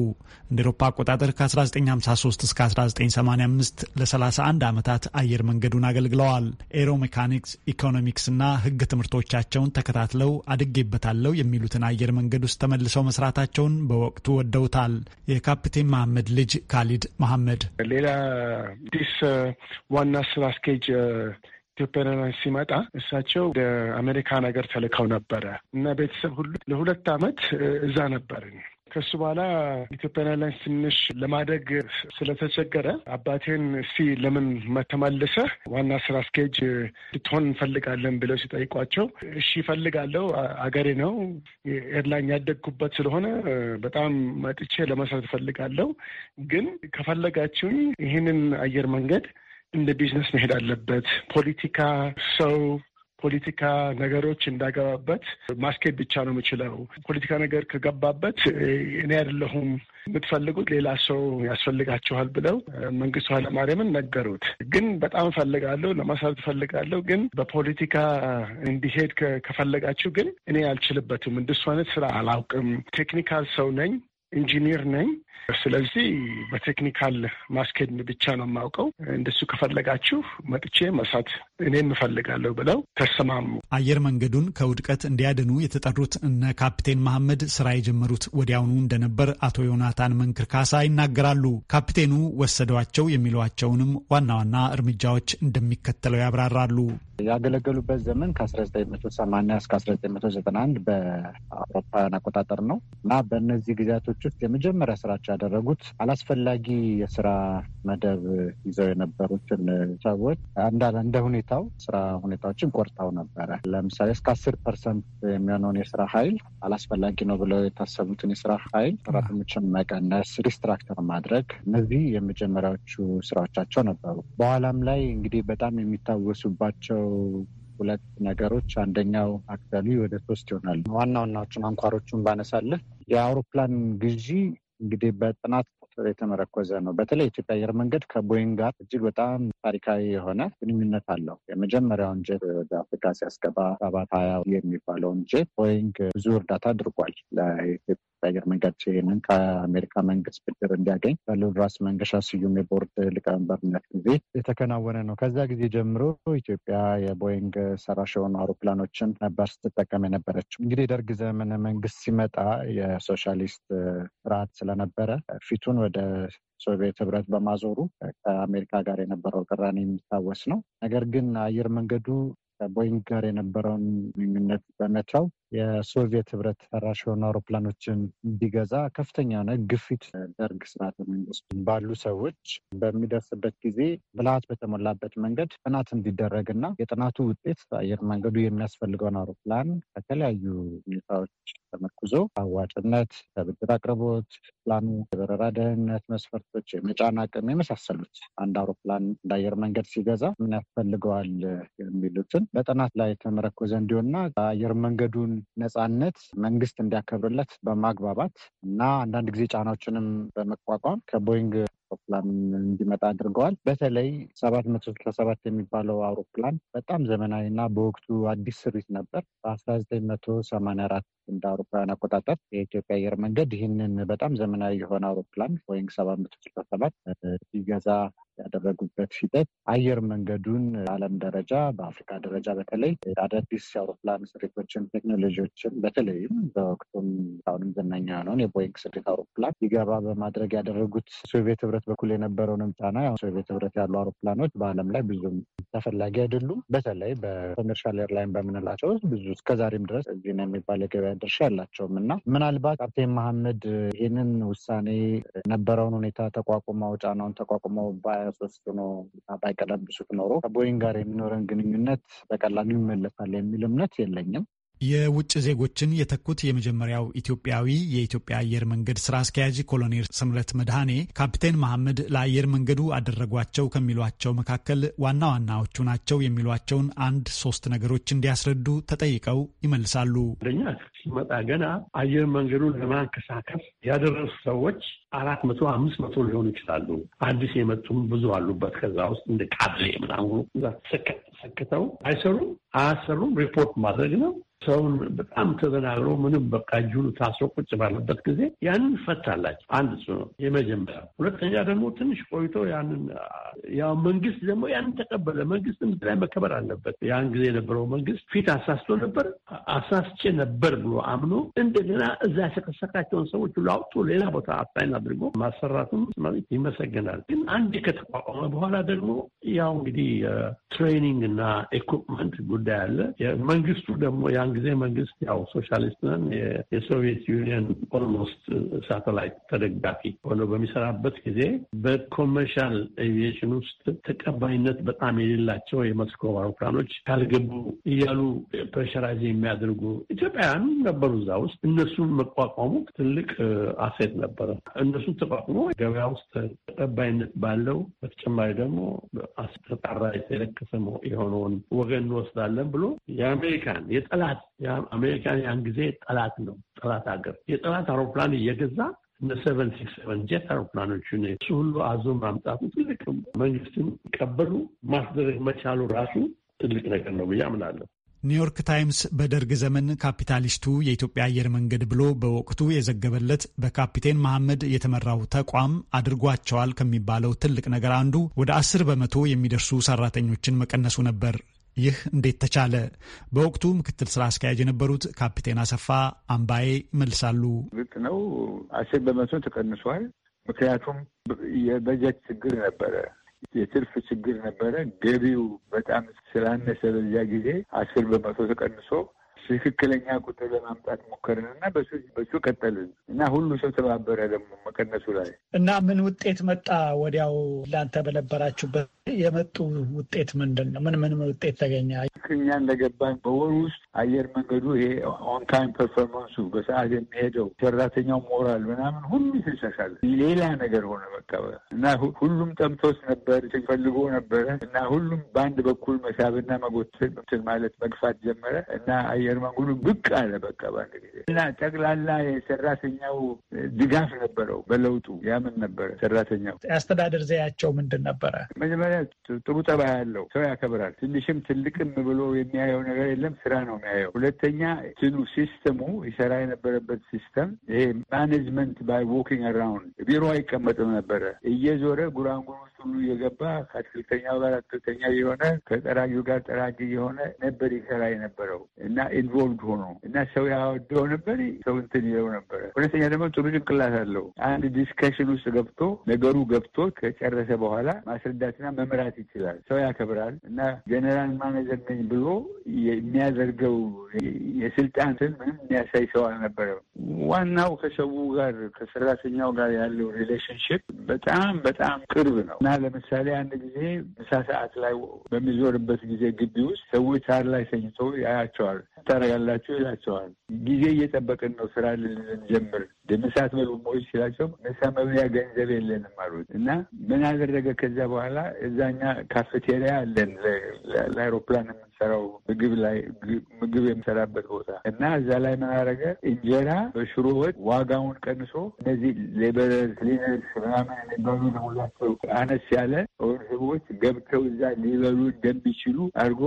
እንደ ኤሮፓ አቆጣጠር ከ1953 እስከ 1985 ለ31 ዓመታት አየር መንገዱን አገልግለዋል። ኤሮ ሜካኒክስ፣ ኢኮኖሚክስ እና ሕግ ትምህርቶቻቸውን ተከታትለው አድጌበታለው የሚሉትን አየር መንገድ ውስጥ ተመልሰው መስራታቸውን በወቅቱ ወደውታል። የካፕቴን መሐመድ ልጅ ካሊድ መሐመድ ሌላ አዲስ ዋና ስራ አስኬጅ ኢትዮጵያውያን ሲመጣ እሳቸው ወደ አሜሪካ ሀገር ተልከው ነበረ እና ቤተሰብ ሁሉ ለሁለት ዓመት እዛ ነበርን። ከሱ በኋላ ኢትዮጵያን ኤርላይንስ ትንሽ ለማደግ ስለተቸገረ አባቴን እስቲ ለምን መተመልሰህ ዋና ስራ አስኪያጅ ልትሆን እንፈልጋለን ብለው ሲጠይቋቸው እሺ እፈልጋለሁ፣ አገሬ ነው ኤርላይን ያደግኩበት ስለሆነ በጣም መጥቼ ለመስራት እፈልጋለሁ፣ ግን ከፈለጋችሁኝ ይህንን አየር መንገድ እንደ ቢዝነስ መሄድ አለበት። ፖለቲካ ሰው ፖለቲካ ነገሮች እንዳገባበት ማስኬድ ብቻ ነው የምችለው። ፖለቲካ ነገር ከገባበት እኔ አይደለሁም የምትፈልጉት ሌላ ሰው ያስፈልጋችኋል ብለው መንግስቱ ኃይለማርያምን ነገሩት። ግን በጣም እፈልጋለሁ ለማሳት እፈልጋለሁ፣ ግን በፖለቲካ እንዲሄድ ከፈለጋችሁ ግን እኔ አልችልበትም፣ እንደሱ አይነት ስራ አላውቅም፣ ቴክኒካል ሰው ነኝ ኢንጂኒር ነኝ። ስለዚህ በቴክኒካል ማስኬድ ብቻ ነው የማውቀው። እንደሱ ከፈለጋችሁ መጥቼ መሳት እኔም እፈልጋለሁ ብለው ተሰማሙ። አየር መንገዱን ከውድቀት እንዲያድኑ የተጠሩት እነ ካፕቴን መሐመድ ስራ የጀመሩት ወዲያውኑ እንደነበር አቶ ዮናታን መንክር ካሳ ይናገራሉ። ካፕቴኑ ወሰደዋቸው የሚሏቸውንም ዋና ዋና እርምጃዎች እንደሚከተለው ያብራራሉ። ያገለገሉበት ዘመን ከ1980 እስከ 1991 በአውሮፓውያን አቆጣጠር ነው እና በእነዚህ ጊዜያቶች ውስጥ የመጀመሪያ ስራቸው ያደረጉት አላስፈላጊ የስራ መደብ ይዘው የነበሩትን ሰዎች እንደ ሁኔታው ስራ ሁኔታዎችን ቆርጠው ነበረ። ለምሳሌ እስከ አስር ፐርሰንት የሚሆነውን የስራ ኃይል አላስፈላጊ ነው ብለው የታሰቡትን የስራ ኃይል ሰራተኞችን መቀነስ፣ ሪስትራክተር ማድረግ እነዚህ የመጀመሪያዎቹ ስራዎቻቸው ነበሩ። በኋላም ላይ እንግዲህ በጣም የሚታወሱባቸው ሁለት ነገሮች አንደኛው አክቹዋሊ ወደ ሶስት ይሆናል። ዋና ዋናዎቹን አንኳሮቹን ባነሳለህ የአውሮፕላን ግዢ እንግዲህ በጥናት የተመረኮዘ ነው። በተለይ የኢትዮጵያ አየር መንገድ ከቦይንግ ጋር እጅግ በጣም ታሪካዊ የሆነ ግንኙነት አለው። የመጀመሪያውን ጀት ወደ አፍሪካ ሲያስገባ ሰባት ሀያ የሚባለውን ጀት ቦይንግ ብዙ እርዳታ አድርጓል ለኢትዮጵያ የአየር መንገድ ይህንን ከአሜሪካ መንግስት ብድር እንዲያገኝ በልዑል ራስ መንገሻ ስዩም የቦርድ ሊቀመንበርነት ጊዜ የተከናወነ ነው። ከዛ ጊዜ ጀምሮ ኢትዮጵያ የቦይንግ ሰራሽ የሆኑ አውሮፕላኖችን ነበር ስትጠቀም የነበረችው። እንግዲህ ደርግ ዘመን መንግስት ሲመጣ የሶሻሊስት ስርዓት ስለነበረ ፊቱን ወደ ሶቪየት ህብረት በማዞሩ ከአሜሪካ ጋር የነበረው ቅራኔ የሚታወስ ነው። ነገር ግን አየር መንገዱ ከቦይንግ ጋር የነበረውን ግንኙነት በመተው የሶቪየት ህብረት ሰራሽ የሆኑ አውሮፕላኖችን እንዲገዛ ከፍተኛ የሆነ ግፊት ደርግ ስርዓተ መንግስት ባሉ ሰዎች በሚደርስበት ጊዜ ብልሃት በተሞላበት መንገድ ጥናት እንዲደረግ እና የጥናቱ ውጤት አየር መንገዱ የሚያስፈልገውን አውሮፕላን ከተለያዩ ሁኔታዎች ተመርኩዞ አዋጭነት፣ ከብድር አቅርቦት፣ አውሮፕላኑ የበረራ ደህንነት መስፈርቶች፣ የመጫን አቅም የመሳሰሉት አንድ አውሮፕላን እንደ አየር መንገድ ሲገዛ ምን ያስፈልገዋል የሚሉትን በጥናት ላይ ተመረኮዘ እንዲሆንና አየር መንገዱን ነፃነት መንግስት እንዲያከብርለት በማግባባት እና አንዳንድ ጊዜ ጫናዎችንም በመቋቋም ከቦይንግ አውሮፕላን እንዲመጣ አድርገዋል። በተለይ ሰባት መቶ ስልሳ ሰባት የሚባለው አውሮፕላን በጣም ዘመናዊ እና በወቅቱ አዲስ ስሪት ነበር። በአስራ ዘጠኝ መቶ ሰማንያ አራት እንደ አውሮፕላን አቆጣጠር የኢትዮጵያ አየር መንገድ ይህንን በጣም ዘመናዊ የሆነ አውሮፕላን ቦይንግ ሰባት መቶ ስልሳ ሰባት ሲገዛ ያደረጉበት ሂደት አየር መንገዱን በአለም ደረጃ በአፍሪካ ደረጃ በተለይ አዳዲስ የአውሮፕላን ስሪቶችን፣ ቴክኖሎጂዎችን በተለይም በወቅቱም አሁንም ዝነኛ የሆነውን የቦይንግ ስሪት አውሮፕላን ይገባ በማድረግ ያደረጉት ሶቪየት ህብረት በኩል የነበረውንም ጫና ሶቪየት ህብረት ያሉ አውሮፕላኖች በዓለም ላይ ብዙም ተፈላጊ አይደሉም። በተለይ በኮሜርሻል ኤርላይን በምንላቸው ብዙ እስከዛሬም ድረስ እዚህ ነው የሚባል የገበያ ድርሻ ያላቸውም እና ምናልባት ካፕቴን መሐመድ ይህንን ውሳኔ የነበረውን ሁኔታ ተቋቁመው ጫናውን ተቋቁመው ሀያ ሶስት ሆኖ ባይቀለብሱት ኖሮ ከቦይንግ ጋር የሚኖረን ግንኙነት በቀላሉ ይመለሳል የሚል እምነት የለኝም። የውጭ ዜጎችን የተኩት የመጀመሪያው ኢትዮጵያዊ የኢትዮጵያ አየር መንገድ ስራ አስኪያጅ ኮሎኔል ስምረት መድኃኔ ካፕቴን መሐመድ ለአየር መንገዱ አደረጓቸው ከሚሏቸው መካከል ዋና ዋናዎቹ ናቸው የሚሏቸውን አንድ ሶስት ነገሮች እንዲያስረዱ ተጠይቀው ይመልሳሉ። አንደኛ ሲመጣ ገና አየር መንገዱን ለማንቀሳቀስ ያደረሱ ሰዎች አራት መቶ አምስት መቶ ሊሆኑ ይችላሉ። አዲስ የመጡም ብዙ አሉበት። ከዛ ውስጥ እንደ ቃድሬ ምናምኑ ሰክተው አይሰሩም፣ አያሰሩም ሪፖርት ማድረግ ነው ሰውን በጣም ተዘናግሮ ምንም በቃ እጁን ታስሮ ቁጭ ባለበት ጊዜ ያንን ፈታላቸው። አንድ እሱ ነው የመጀመሪያ። ሁለተኛ ደግሞ ትንሽ ቆይቶ ያንን ያው መንግስት ደግሞ ያንን ተቀበለ። መንግስትም ላይ መከበር አለበት። ያን ጊዜ የነበረው መንግስት ፊት አሳስቶ ነበር አሳስቼ ነበር ብሎ አምኖ እንደገና እዛ ያሰቀሰቃቸውን ሰዎች ሁሉ አውጥቶ ሌላ ቦታ አጣይን አድርጎ ማሰራቱም ይመሰገናል። ግን አንድ ከተቋቋመ በኋላ ደግሞ ያው እንግዲህ ትሬኒንግ እና ኢኩፕመንት ጉዳይ አለ። መንግስቱ ደግሞ ያን ጊዜ መንግስት ያው ሶሻሊስት ነን የሶቪየት ዩኒየን ኦልሞስት ሳተላይት ተደጋፊ ሆኖ በሚሰራበት ጊዜ በኮመርሻል ኤቪዬሽን ውስጥ ተቀባይነት በጣም የሌላቸው የመስኮ አውሮፕላኖች ካልገቡ እያሉ ፕሬሸራይዝ የሚያደርጉ ኢትዮጵያውያን ነበሩ እዛ ውስጥ። እነሱን መቋቋሙ ትልቅ አሴት ነበረ። እነሱ ተቋቁሞ ገበያ ውስጥ ተቀባይነት ባለው በተጨማሪ ደግሞ አስተጣራ የተለከሰ የሆነውን ወገን እንወስዳለን ብሎ የአሜሪካን የጠላት አሜሪካን ያን ጊዜ ጠላት ነው፣ ጠላት ሀገር የጠላት አውሮፕላን እየገዛ እነ ሰቨን ሲክስ ሰቨን ጀት አውሮፕላኖቹን እሱ ሁሉ አዞ ማምጣቱ ትልቅ መንግስትን ቀበሉ ማስደረግ መቻሉ ራሱ ትልቅ ነገር ነው ብዬ አምናለሁ። ኒውዮርክ ታይምስ በደርግ ዘመን ካፒታሊስቱ የኢትዮጵያ አየር መንገድ ብሎ በወቅቱ የዘገበለት በካፒቴን መሐመድ የተመራው ተቋም አድርጓቸዋል ከሚባለው ትልቅ ነገር አንዱ ወደ አስር በመቶ የሚደርሱ ሰራተኞችን መቀነሱ ነበር። ይህ እንዴት ተቻለ? በወቅቱ ምክትል ስራ አስኪያጅ የነበሩት ካፒቴን አሰፋ አምባዬ ይመልሳሉ። ግልጽ ነው አስር በመቶ ተቀንሷል። ምክንያቱም የበጀት ችግር ነበረ፣ የትርፍ ችግር ነበረ። ገቢው በጣም ስላነሰ በዚያ ጊዜ አስር በመቶ ተቀንሶ ትክክለኛ ቁጥር ለማምጣት ሞከርን እና በሱ ቀጠልን እና ሁሉ ሰው ተባበረ ደግሞ መቀነሱ ላይ እና ምን ውጤት መጣ? ወዲያው እናንተ በነበራችሁበት የመጡ ውጤት ምንድን ነው? ምን ምን ውጤት ተገኘ? እኛ እንደገባን በወር ውስጥ አየር መንገዱ ይሄ ኦንታይም ፐርፎርማንሱ በሰዓት የሚሄደው ሰራተኛው ሞራል ምናምን ሁሉ ይተሻሻለ ሌላ ነገር ሆነ በቃ እና ሁሉም ጠምቶስ ነበር ሲፈልጎ ነበረ እና ሁሉም በአንድ በኩል መሳብና መጎትን ማለት መግፋት ጀመረ እና አየር ጀርመን ሁሉ ብቅ አለ። በቃ በአንድ ጊዜ እና ጠቅላላ የሰራተኛው ድጋፍ ነበረው በለውጡ። ያምን ነበረ ሰራተኛው የአስተዳደር ዘያቸው ምንድን ነበረ? መጀመሪያ ጥሩ ጠባይ ያለው ሰው ያከብራል። ትንሽም ትልቅም ብሎ የሚያየው ነገር የለም፣ ስራ ነው የሚያየው። ሁለተኛ ትኑ ሲስተሙ ይሰራ የነበረበት ሲስተም ይሄ ማኔጅመንት ባይ ዎኪንግ አራውንድ ቢሮ አይቀመጥም ነበረ እየዞረ ጉራንጉር ውስጥ ሁሉ እየገባ ከአትክልተኛው ጋር አትክልተኛ የሆነ ከጠራጊው ጋር ጠራጊ የሆነ ነበር ይሰራ የነበረው እና ኢንቮልቭድ ሆኖ እና ሰው ያወደው ነበር፣ ሰው እንትን ይለው ነበረ። ሁለተኛ ደግሞ ጥሩ ጭንቅላት አለው። አንድ ዲስከሽን ውስጥ ገብቶ ነገሩ ገብቶ ከጨረሰ በኋላ ማስረዳትና መምራት ይችላል። ሰው ያከብራል እና ጀኔራል ማኔጀር ነኝ ብሎ የሚያደርገው የስልጣንትን ምንም የሚያሳይ ሰው አልነበረም። ዋናው ከሰው ጋር ከሰራተኛው ጋር ያለው ሪሌሽንሽፕ በጣም በጣም ቅርብ ነው እና ለምሳሌ አንድ ጊዜ ምሳ ሰዓት ላይ በሚዞርበት ጊዜ ግቢ ውስጥ ሰዎች ሳር ላይ ተኝተው ያያቸዋል። ታደርጋላችሁ ይላቸዋል። ጊዜ እየጠበቅን ነው ስራ ልንጀምር ምሳት በሉ ሞች ሲላቸው ምሳ መብያ ገንዘብ የለንም አሉት እና ምን አደረገ? ከዛ በኋላ እዛኛ ካፌቴሪያ አለን ለአይሮፕላን የምንሰራው ምግብ ላይ ምግብ የምሰራበት ቦታ እና እዛ ላይ ምን አደረገ? እንጀራ በሽሮ ወጥ ዋጋውን ቀንሶ እነዚህ ሌበር ክሊነርስ ምናምን የሚባሉ ለሁላቸው አነስ ያለ ህቦች ገብተው እዛ ሊበሉ እንደሚችሉ አድርጎ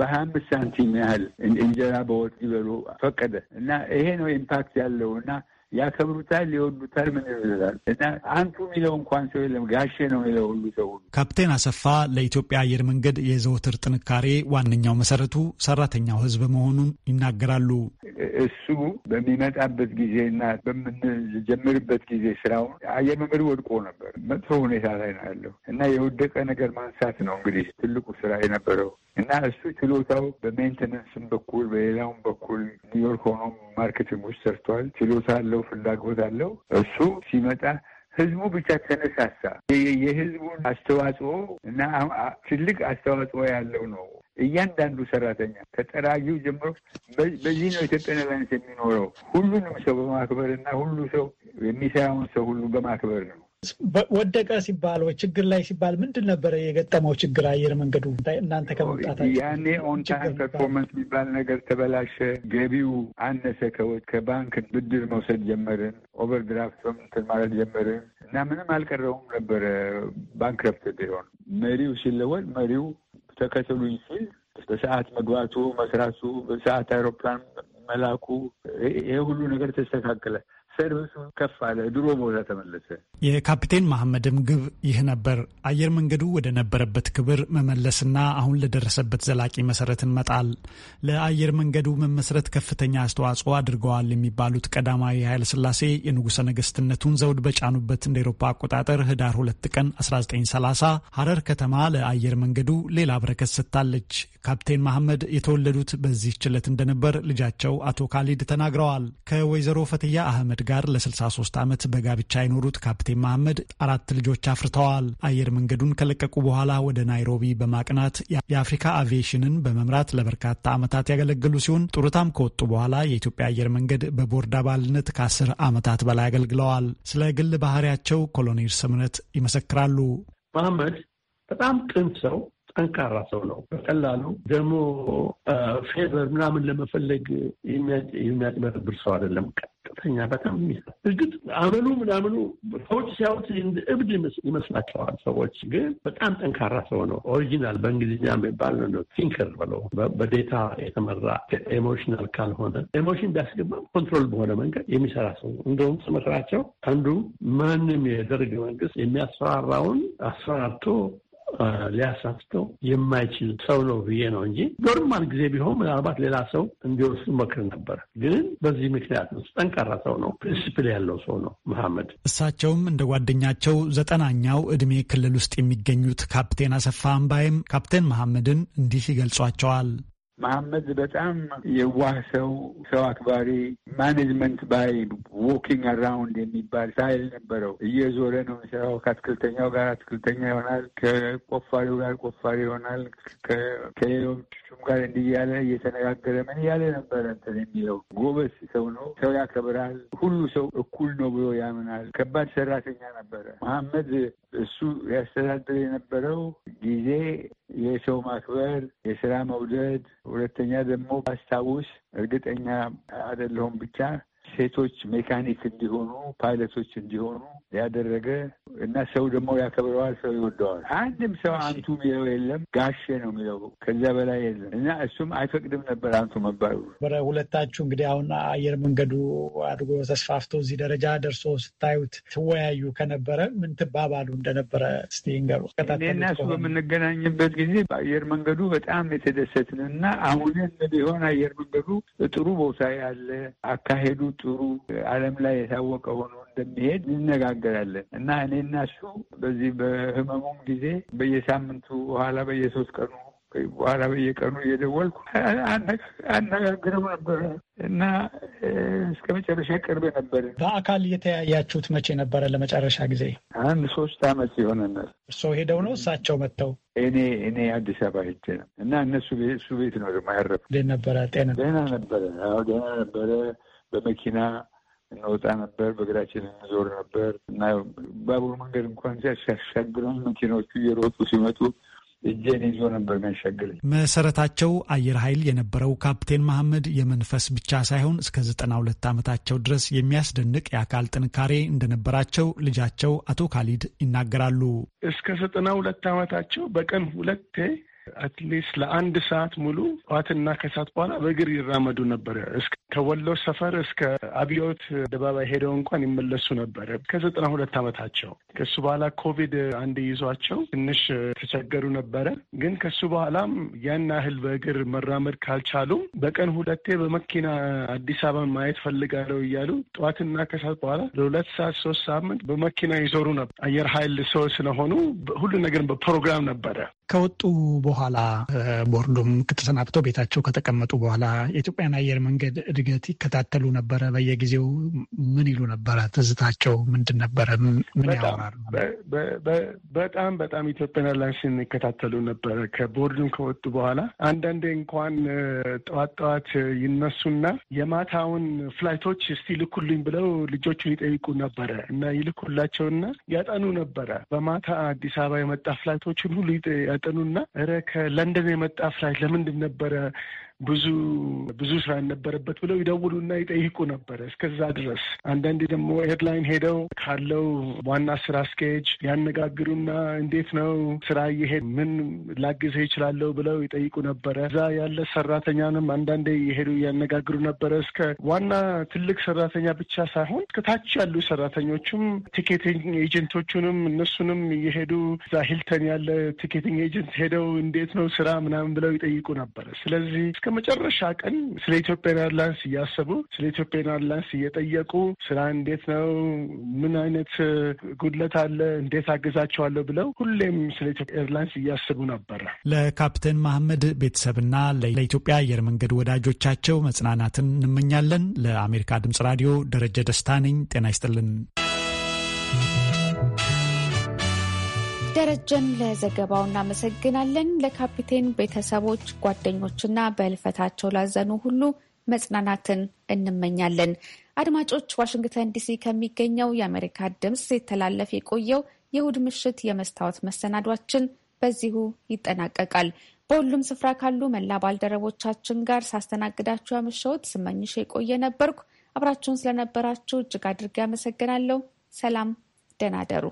በሀያ አምስት ሳንቲም ያህል እንጀራ በወጥ ሊበሉ ፈቀደ እና ይሄ ነው ኢምፓክት ያለው እና ያከብሩታል፣ ይወዱታል። ምን ይላል እና አንቱ የሚለው እንኳን ሰው የለም፣ ጋሼ ነው የሚለው ሁሉ ሰው። ካፕቴን አሰፋ ለኢትዮጵያ አየር መንገድ የዘወትር ጥንካሬ ዋነኛው መሰረቱ ሰራተኛው ህዝብ መሆኑን ይናገራሉ። እሱ በሚመጣበት ጊዜና በምንጀምርበት ጊዜ ስራውን አየር መንገዱ ወድቆ ነበር፣ መጥፎ ሁኔታ ላይ ነው ያለው እና የወደቀ ነገር ማንሳት ነው እንግዲህ ትልቁ ስራ የነበረው እና እሱ ችሎታው በሜንቴነንስም በኩል በሌላውም በኩል ኒውዮርክ ሆኖም ማርኬቲንግ ውስጥ ሰርቷል። ችሎታ አለው አለው፣ ፍላጎት አለው። እሱ ሲመጣ ህዝቡ ብቻ ተነሳሳ። የህዝቡን አስተዋጽኦ እና ትልቅ አስተዋጽኦ ያለው ነው። እያንዳንዱ ሰራተኛ ከጠራጊው ጀምሮ በዚህ ነው ኢትዮጵያ ኤርላይንስ የሚኖረው። ሁሉንም ሰው በማክበር እና ሁሉ ሰው የሚሰራውን ሰው ሁሉ በማክበር ነው። ወደቀ ሲባል ወይ ችግር ላይ ሲባል ምንድን ነበረ የገጠመው ችግር? አየር መንገዱ እናንተ ከመምጣታችሁ ያኔ ኦንታይም ፐርፎርመንስ የሚባል ነገር ተበላሸ። ገቢው አነሰ። ከባንክ ብድር መውሰድ ጀመርን። ኦቨርድራፍት እንትን ማለት ጀመርን እና ምንም አልቀረውም ነበረ ባንክረፕት ቢሆን መሪው ሲለወጥ መሪው ተከተሉኝ ሲል በሰዓት መግባቱ መስራቱ በሰዓት አይሮፕላን መላኩ ይሄ ሁሉ ነገር ተስተካከለ። ሰርቪሱ ከፍ አለ፣ ድሮ ቦታ ተመለሰ። የካፒቴን መሐመድም ግብ ይህ ነበር፣ አየር መንገዱ ወደ ነበረበት ክብር መመለስና አሁን ለደረሰበት ዘላቂ መሰረት እንመጣል። ለአየር መንገዱ መመስረት ከፍተኛ አስተዋጽኦ አድርገዋል የሚባሉት ቀዳማዊ ኃይለሥላሴ የንጉሠ ነገሥትነቱን ዘውድ በጫኑበት እንደ ኤሮፓ አቆጣጠር ህዳር ሁለት ቀን 1930 ሐረር ከተማ ለአየር መንገዱ ሌላ በረከት ሰጥታለች። ካፕቴን መሐመድ የተወለዱት በዚህ ችለት እንደነበር ልጃቸው አቶ ካሊድ ተናግረዋል። ከወይዘሮ ፈትያ አህመድ ጋር ለ63 ዓመት በጋብቻ የኖሩት ካፕቴን መሐመድ አራት ልጆች አፍርተዋል። አየር መንገዱን ከለቀቁ በኋላ ወደ ናይሮቢ በማቅናት የአፍሪካ አቪዬሽንን በመምራት ለበርካታ ዓመታት ያገለገሉ ሲሆን ጡረታም ከወጡ በኋላ የኢትዮጵያ አየር መንገድ በቦርድ አባልነት ከአስር ዓመታት በላይ አገልግለዋል። ስለ ግል ባህሪያቸው ኮሎኔል ስምነት ይመሰክራሉ። መሐመድ በጣም ቅን ሰው ጠንካራ ሰው ነው። በቀላሉ ደግሞ ፌቨር ምናምን ለመፈለግ የሚያጭበረብር ሰው አይደለም። ቀጥተኛ በጣም የሚሰራ እርግጥ አመሉ ምናምኑ ሰዎች ሲያዩት እብድ ይመስላቸዋል። ሰዎች ግን በጣም ጠንካራ ሰው ነው። ኦሪጂናል በእንግሊዝኛ የሚባል ነው ቲንከር ብለው በዴታ የተመራ ኤሞሽናል ካልሆነ ኤሞሽን ቢያስገባ ኮንትሮል በሆነ መንገድ የሚሰራ ሰው እንደውም ስመክራቸው አንዱ ማንም የደርግ መንግስት የሚያስፈራራውን አስፈራርቶ ሊያሳስተው የማይችል ሰው ነው ብዬ ነው እንጂ ኖርማል ጊዜ ቢሆን ምናልባት ሌላ ሰው እንዲወስ መክር ነበር። ግን በዚህ ምክንያት ነው። ጠንካራ ሰው ነው፣ ፕሪንስፕል ያለው ሰው ነው መሐመድ። እሳቸውም እንደ ጓደኛቸው ዘጠናኛው እድሜ ክልል ውስጥ የሚገኙት ካፕቴን አሰፋ አምባይም ካፕቴን መሐመድን እንዲህ ይገልጿቸዋል። መሐመድ በጣም የዋህ ሰው፣ ሰው አክባሪ፣ ማኔጅመንት ባይ ዎኪንግ አራውንድ የሚባል ሳይል ነበረው። እየዞረ ነው የሚሰራው። ከአትክልተኛው ጋር አትክልተኛ ይሆናል፣ ከቆፋሪው ጋር ቆፋሪ ይሆናል፣ ከሌሎቹም ጋር እንዲህ እያለ እየተነጋገረ ምን እያለ ነበረ እንትን የሚለው ጎበዝ ሰው ነው። ሰው ያከብራል። ሁሉ ሰው እኩል ነው ብሎ ያምናል። ከባድ ሰራተኛ ነበረ መሐመድ። እሱ ያስተዳድር የነበረው ጊዜ የሰው ማክበር፣ የስራ መውደድ፣ ሁለተኛ ደግሞ ባስታውስ እርግጠኛ አይደለሁም ብቻ ሴቶች ሜካኒክ እንዲሆኑ ፓይለቶች እንዲሆኑ ያደረገ እና ሰው ደግሞ ያከብረዋል፣ ሰው ይወደዋል። አንድም ሰው አንቱ የሚለው የለም፣ ጋሼ ነው የሚለው ከዚያ በላይ የለም። እና እሱም አይፈቅድም ነበር አንቱ መባሉ። ሁለታችሁ እንግዲህ አሁን አየር መንገዱ አድጎ ተስፋፍቶ እዚህ ደረጃ ደርሶ ስታዩት ትወያዩ ከነበረ ምን ትባባሉ እንደነበረ እስኪ ንገሩ። እኔና እሱ በምንገናኝበት ጊዜ በአየር መንገዱ በጣም የተደሰትን እና አሁንም ቢሆን አየር መንገዱ ጥሩ ቦታ ያለ አካሄዱ ጥሩ ዓለም ላይ የታወቀ ሆኖ እንደሚሄድ እንነጋገራለን እና እኔና እሱ በዚህ በህመሙም ጊዜ በየሳምንቱ በኋላ በየሶስት ቀኑ በኋላ በየቀኑ እየደወልኩ አነጋግረው ነበረ እና እስከ መጨረሻ ቅርብ ነበር። በአካል የተያያችሁት መቼ ነበረ? ለመጨረሻ ጊዜ አንድ ሶስት አመት የሆነናል። እርስዎ ሄደው ነው እሳቸው መጥተው? እኔ እኔ አዲስ አበባ ሄጄ ነው እና እነሱ እሱ ቤት ነው ደግሞ ያረፍ። ነበረ? ጤና ደህና ነበረ? አዎ ደህና ነበረ። በመኪና እንወጣ ነበር፣ በእግራችን እንዞር ነበር እና ባቡር መንገድ እንኳን ሲያሻግረን መኪናዎቹ እየሮጡ ሲመጡ እጄን ይዞ ነበር የሚያሻግረኝ። መሰረታቸው አየር ኃይል የነበረው ካፕቴን መሐመድ የመንፈስ ብቻ ሳይሆን እስከ ዘጠና ሁለት ዓመታቸው ድረስ የሚያስደንቅ የአካል ጥንካሬ እንደነበራቸው ልጃቸው አቶ ካሊድ ይናገራሉ። እስከ ዘጠና ሁለት ዓመታቸው በቀን ሁለቴ አትሊስት ለአንድ ሰዓት ሙሉ ጠዋትና ከሰዓት በኋላ በእግር ይራመዱ ነበር። ከወሎ ሰፈር እስከ አብዮት አደባባይ ሄደው እንኳን ይመለሱ ነበር። ከዘጠና ሁለት ዓመታቸው ከሱ በኋላ ኮቪድ አንድ ይዟቸው ትንሽ ተቸገሩ ነበረ። ግን ከሱ በኋላም ያን ያህል በእግር መራመድ ካልቻሉም በቀን ሁለቴ በመኪና አዲስ አበባን ማየት ፈልጋለሁ እያሉ ጠዋትና ከሰዓት በኋላ ለሁለት ሰዓት ሶስት ሳምንት በመኪና ይዞሩ ነበር። አየር ኃይል ሰው ስለሆኑ ሁሉ ነገር በፕሮግራም ነበረ። ከወጡ በኋላ ቦርዱም ከተሰናብተው ቤታቸው ከተቀመጡ በኋላ የኢትዮጵያን አየር መንገድ እድገት ይከታተሉ ነበረ? በየጊዜው ምን ይሉ ነበረ? ትዝታቸው ምንድን ነበረ? ምን ያወራሉ? በጣም በጣም ኢትዮጵያን ኤርላይንስን ይከታተሉ ነበረ። ከቦርዱም ከወጡ በኋላ አንዳንዴ እንኳን ጠዋት ጠዋት ይነሱና የማታውን ፍላይቶች እስቲ ልኩልኝ ብለው ልጆቹን ይጠይቁ ነበረ እና ይልኩላቸውና ያጠኑ ነበረ። በማታ አዲስ አበባ የመጣ ፍላይቶችን ሁሉ ያጠኑና ረ ከለንደን የመጣ ፍላሽ ለምንድን ነበረ ብዙ ብዙ ስራ ነበረበት ብለው ይደውሉና ይጠይቁ ነበረ። እስከዛ ድረስ አንዳንዴ ደግሞ ኤርላይን ሄደው ካለው ዋና ስራ አስኪያጅ ያነጋግሩና እንዴት ነው ስራ እየሄድ ምን ላግዘ ይችላለሁ ብለው ይጠይቁ ነበረ። እዛ ያለ ሰራተኛንም አንዳንዴ የሄዱ ያነጋግሩ ነበረ። እስከ ዋና ትልቅ ሰራተኛ ብቻ ሳይሆን ከታች ያሉ ሰራተኞቹም ቲኬቲንግ ኤጀንቶቹንም እነሱንም እየሄዱ እዛ ሂልተን ያለ ቲኬቲንግ ኤጀንት ሄደው እንዴት ነው ስራ ምናምን ብለው ይጠይቁ ነበረ። ስለዚህ እስከ መጨረሻ ቀን ስለ ኢትዮጵያን ኤርላይንስ እያሰቡ ስለ ኢትዮጵያን ኤርላይንስ እየጠየቁ ስራ እንዴት ነው፣ ምን አይነት ጉድለት አለ፣ እንዴት አገዛቸዋለሁ ብለው ሁሌም ስለ ኢትዮጵያ ኤርላይንስ እያስቡ ነበረ። ለካፕቴን መሐመድ ቤተሰብና ለኢትዮጵያ አየር መንገድ ወዳጆቻቸው መጽናናትን እንመኛለን። ለአሜሪካ ድምጽ ራዲዮ ደረጀ ደስታ ነኝ። ጤና ይስጥልን። ደረጀን ለዘገባው እናመሰግናለን። ለካፒቴን ቤተሰቦች፣ ጓደኞችና በህልፈታቸው ላዘኑ ሁሉ መጽናናትን እንመኛለን። አድማጮች፣ ዋሽንግተን ዲሲ ከሚገኘው የአሜሪካ ድምፅ ሲተላለፍ የቆየው የእሁድ ምሽት የመስታወት መሰናዷችን በዚሁ ይጠናቀቃል። በሁሉም ስፍራ ካሉ መላ ባልደረቦቻችን ጋር ሳስተናግዳችሁ ያመሸሁት ስመኝሽ የቆየ ነበርኩ። አብራችሁን ስለነበራችሁ እጅግ አድርጌ አመሰግናለሁ። ሰላም፣ ደህና እደሩ።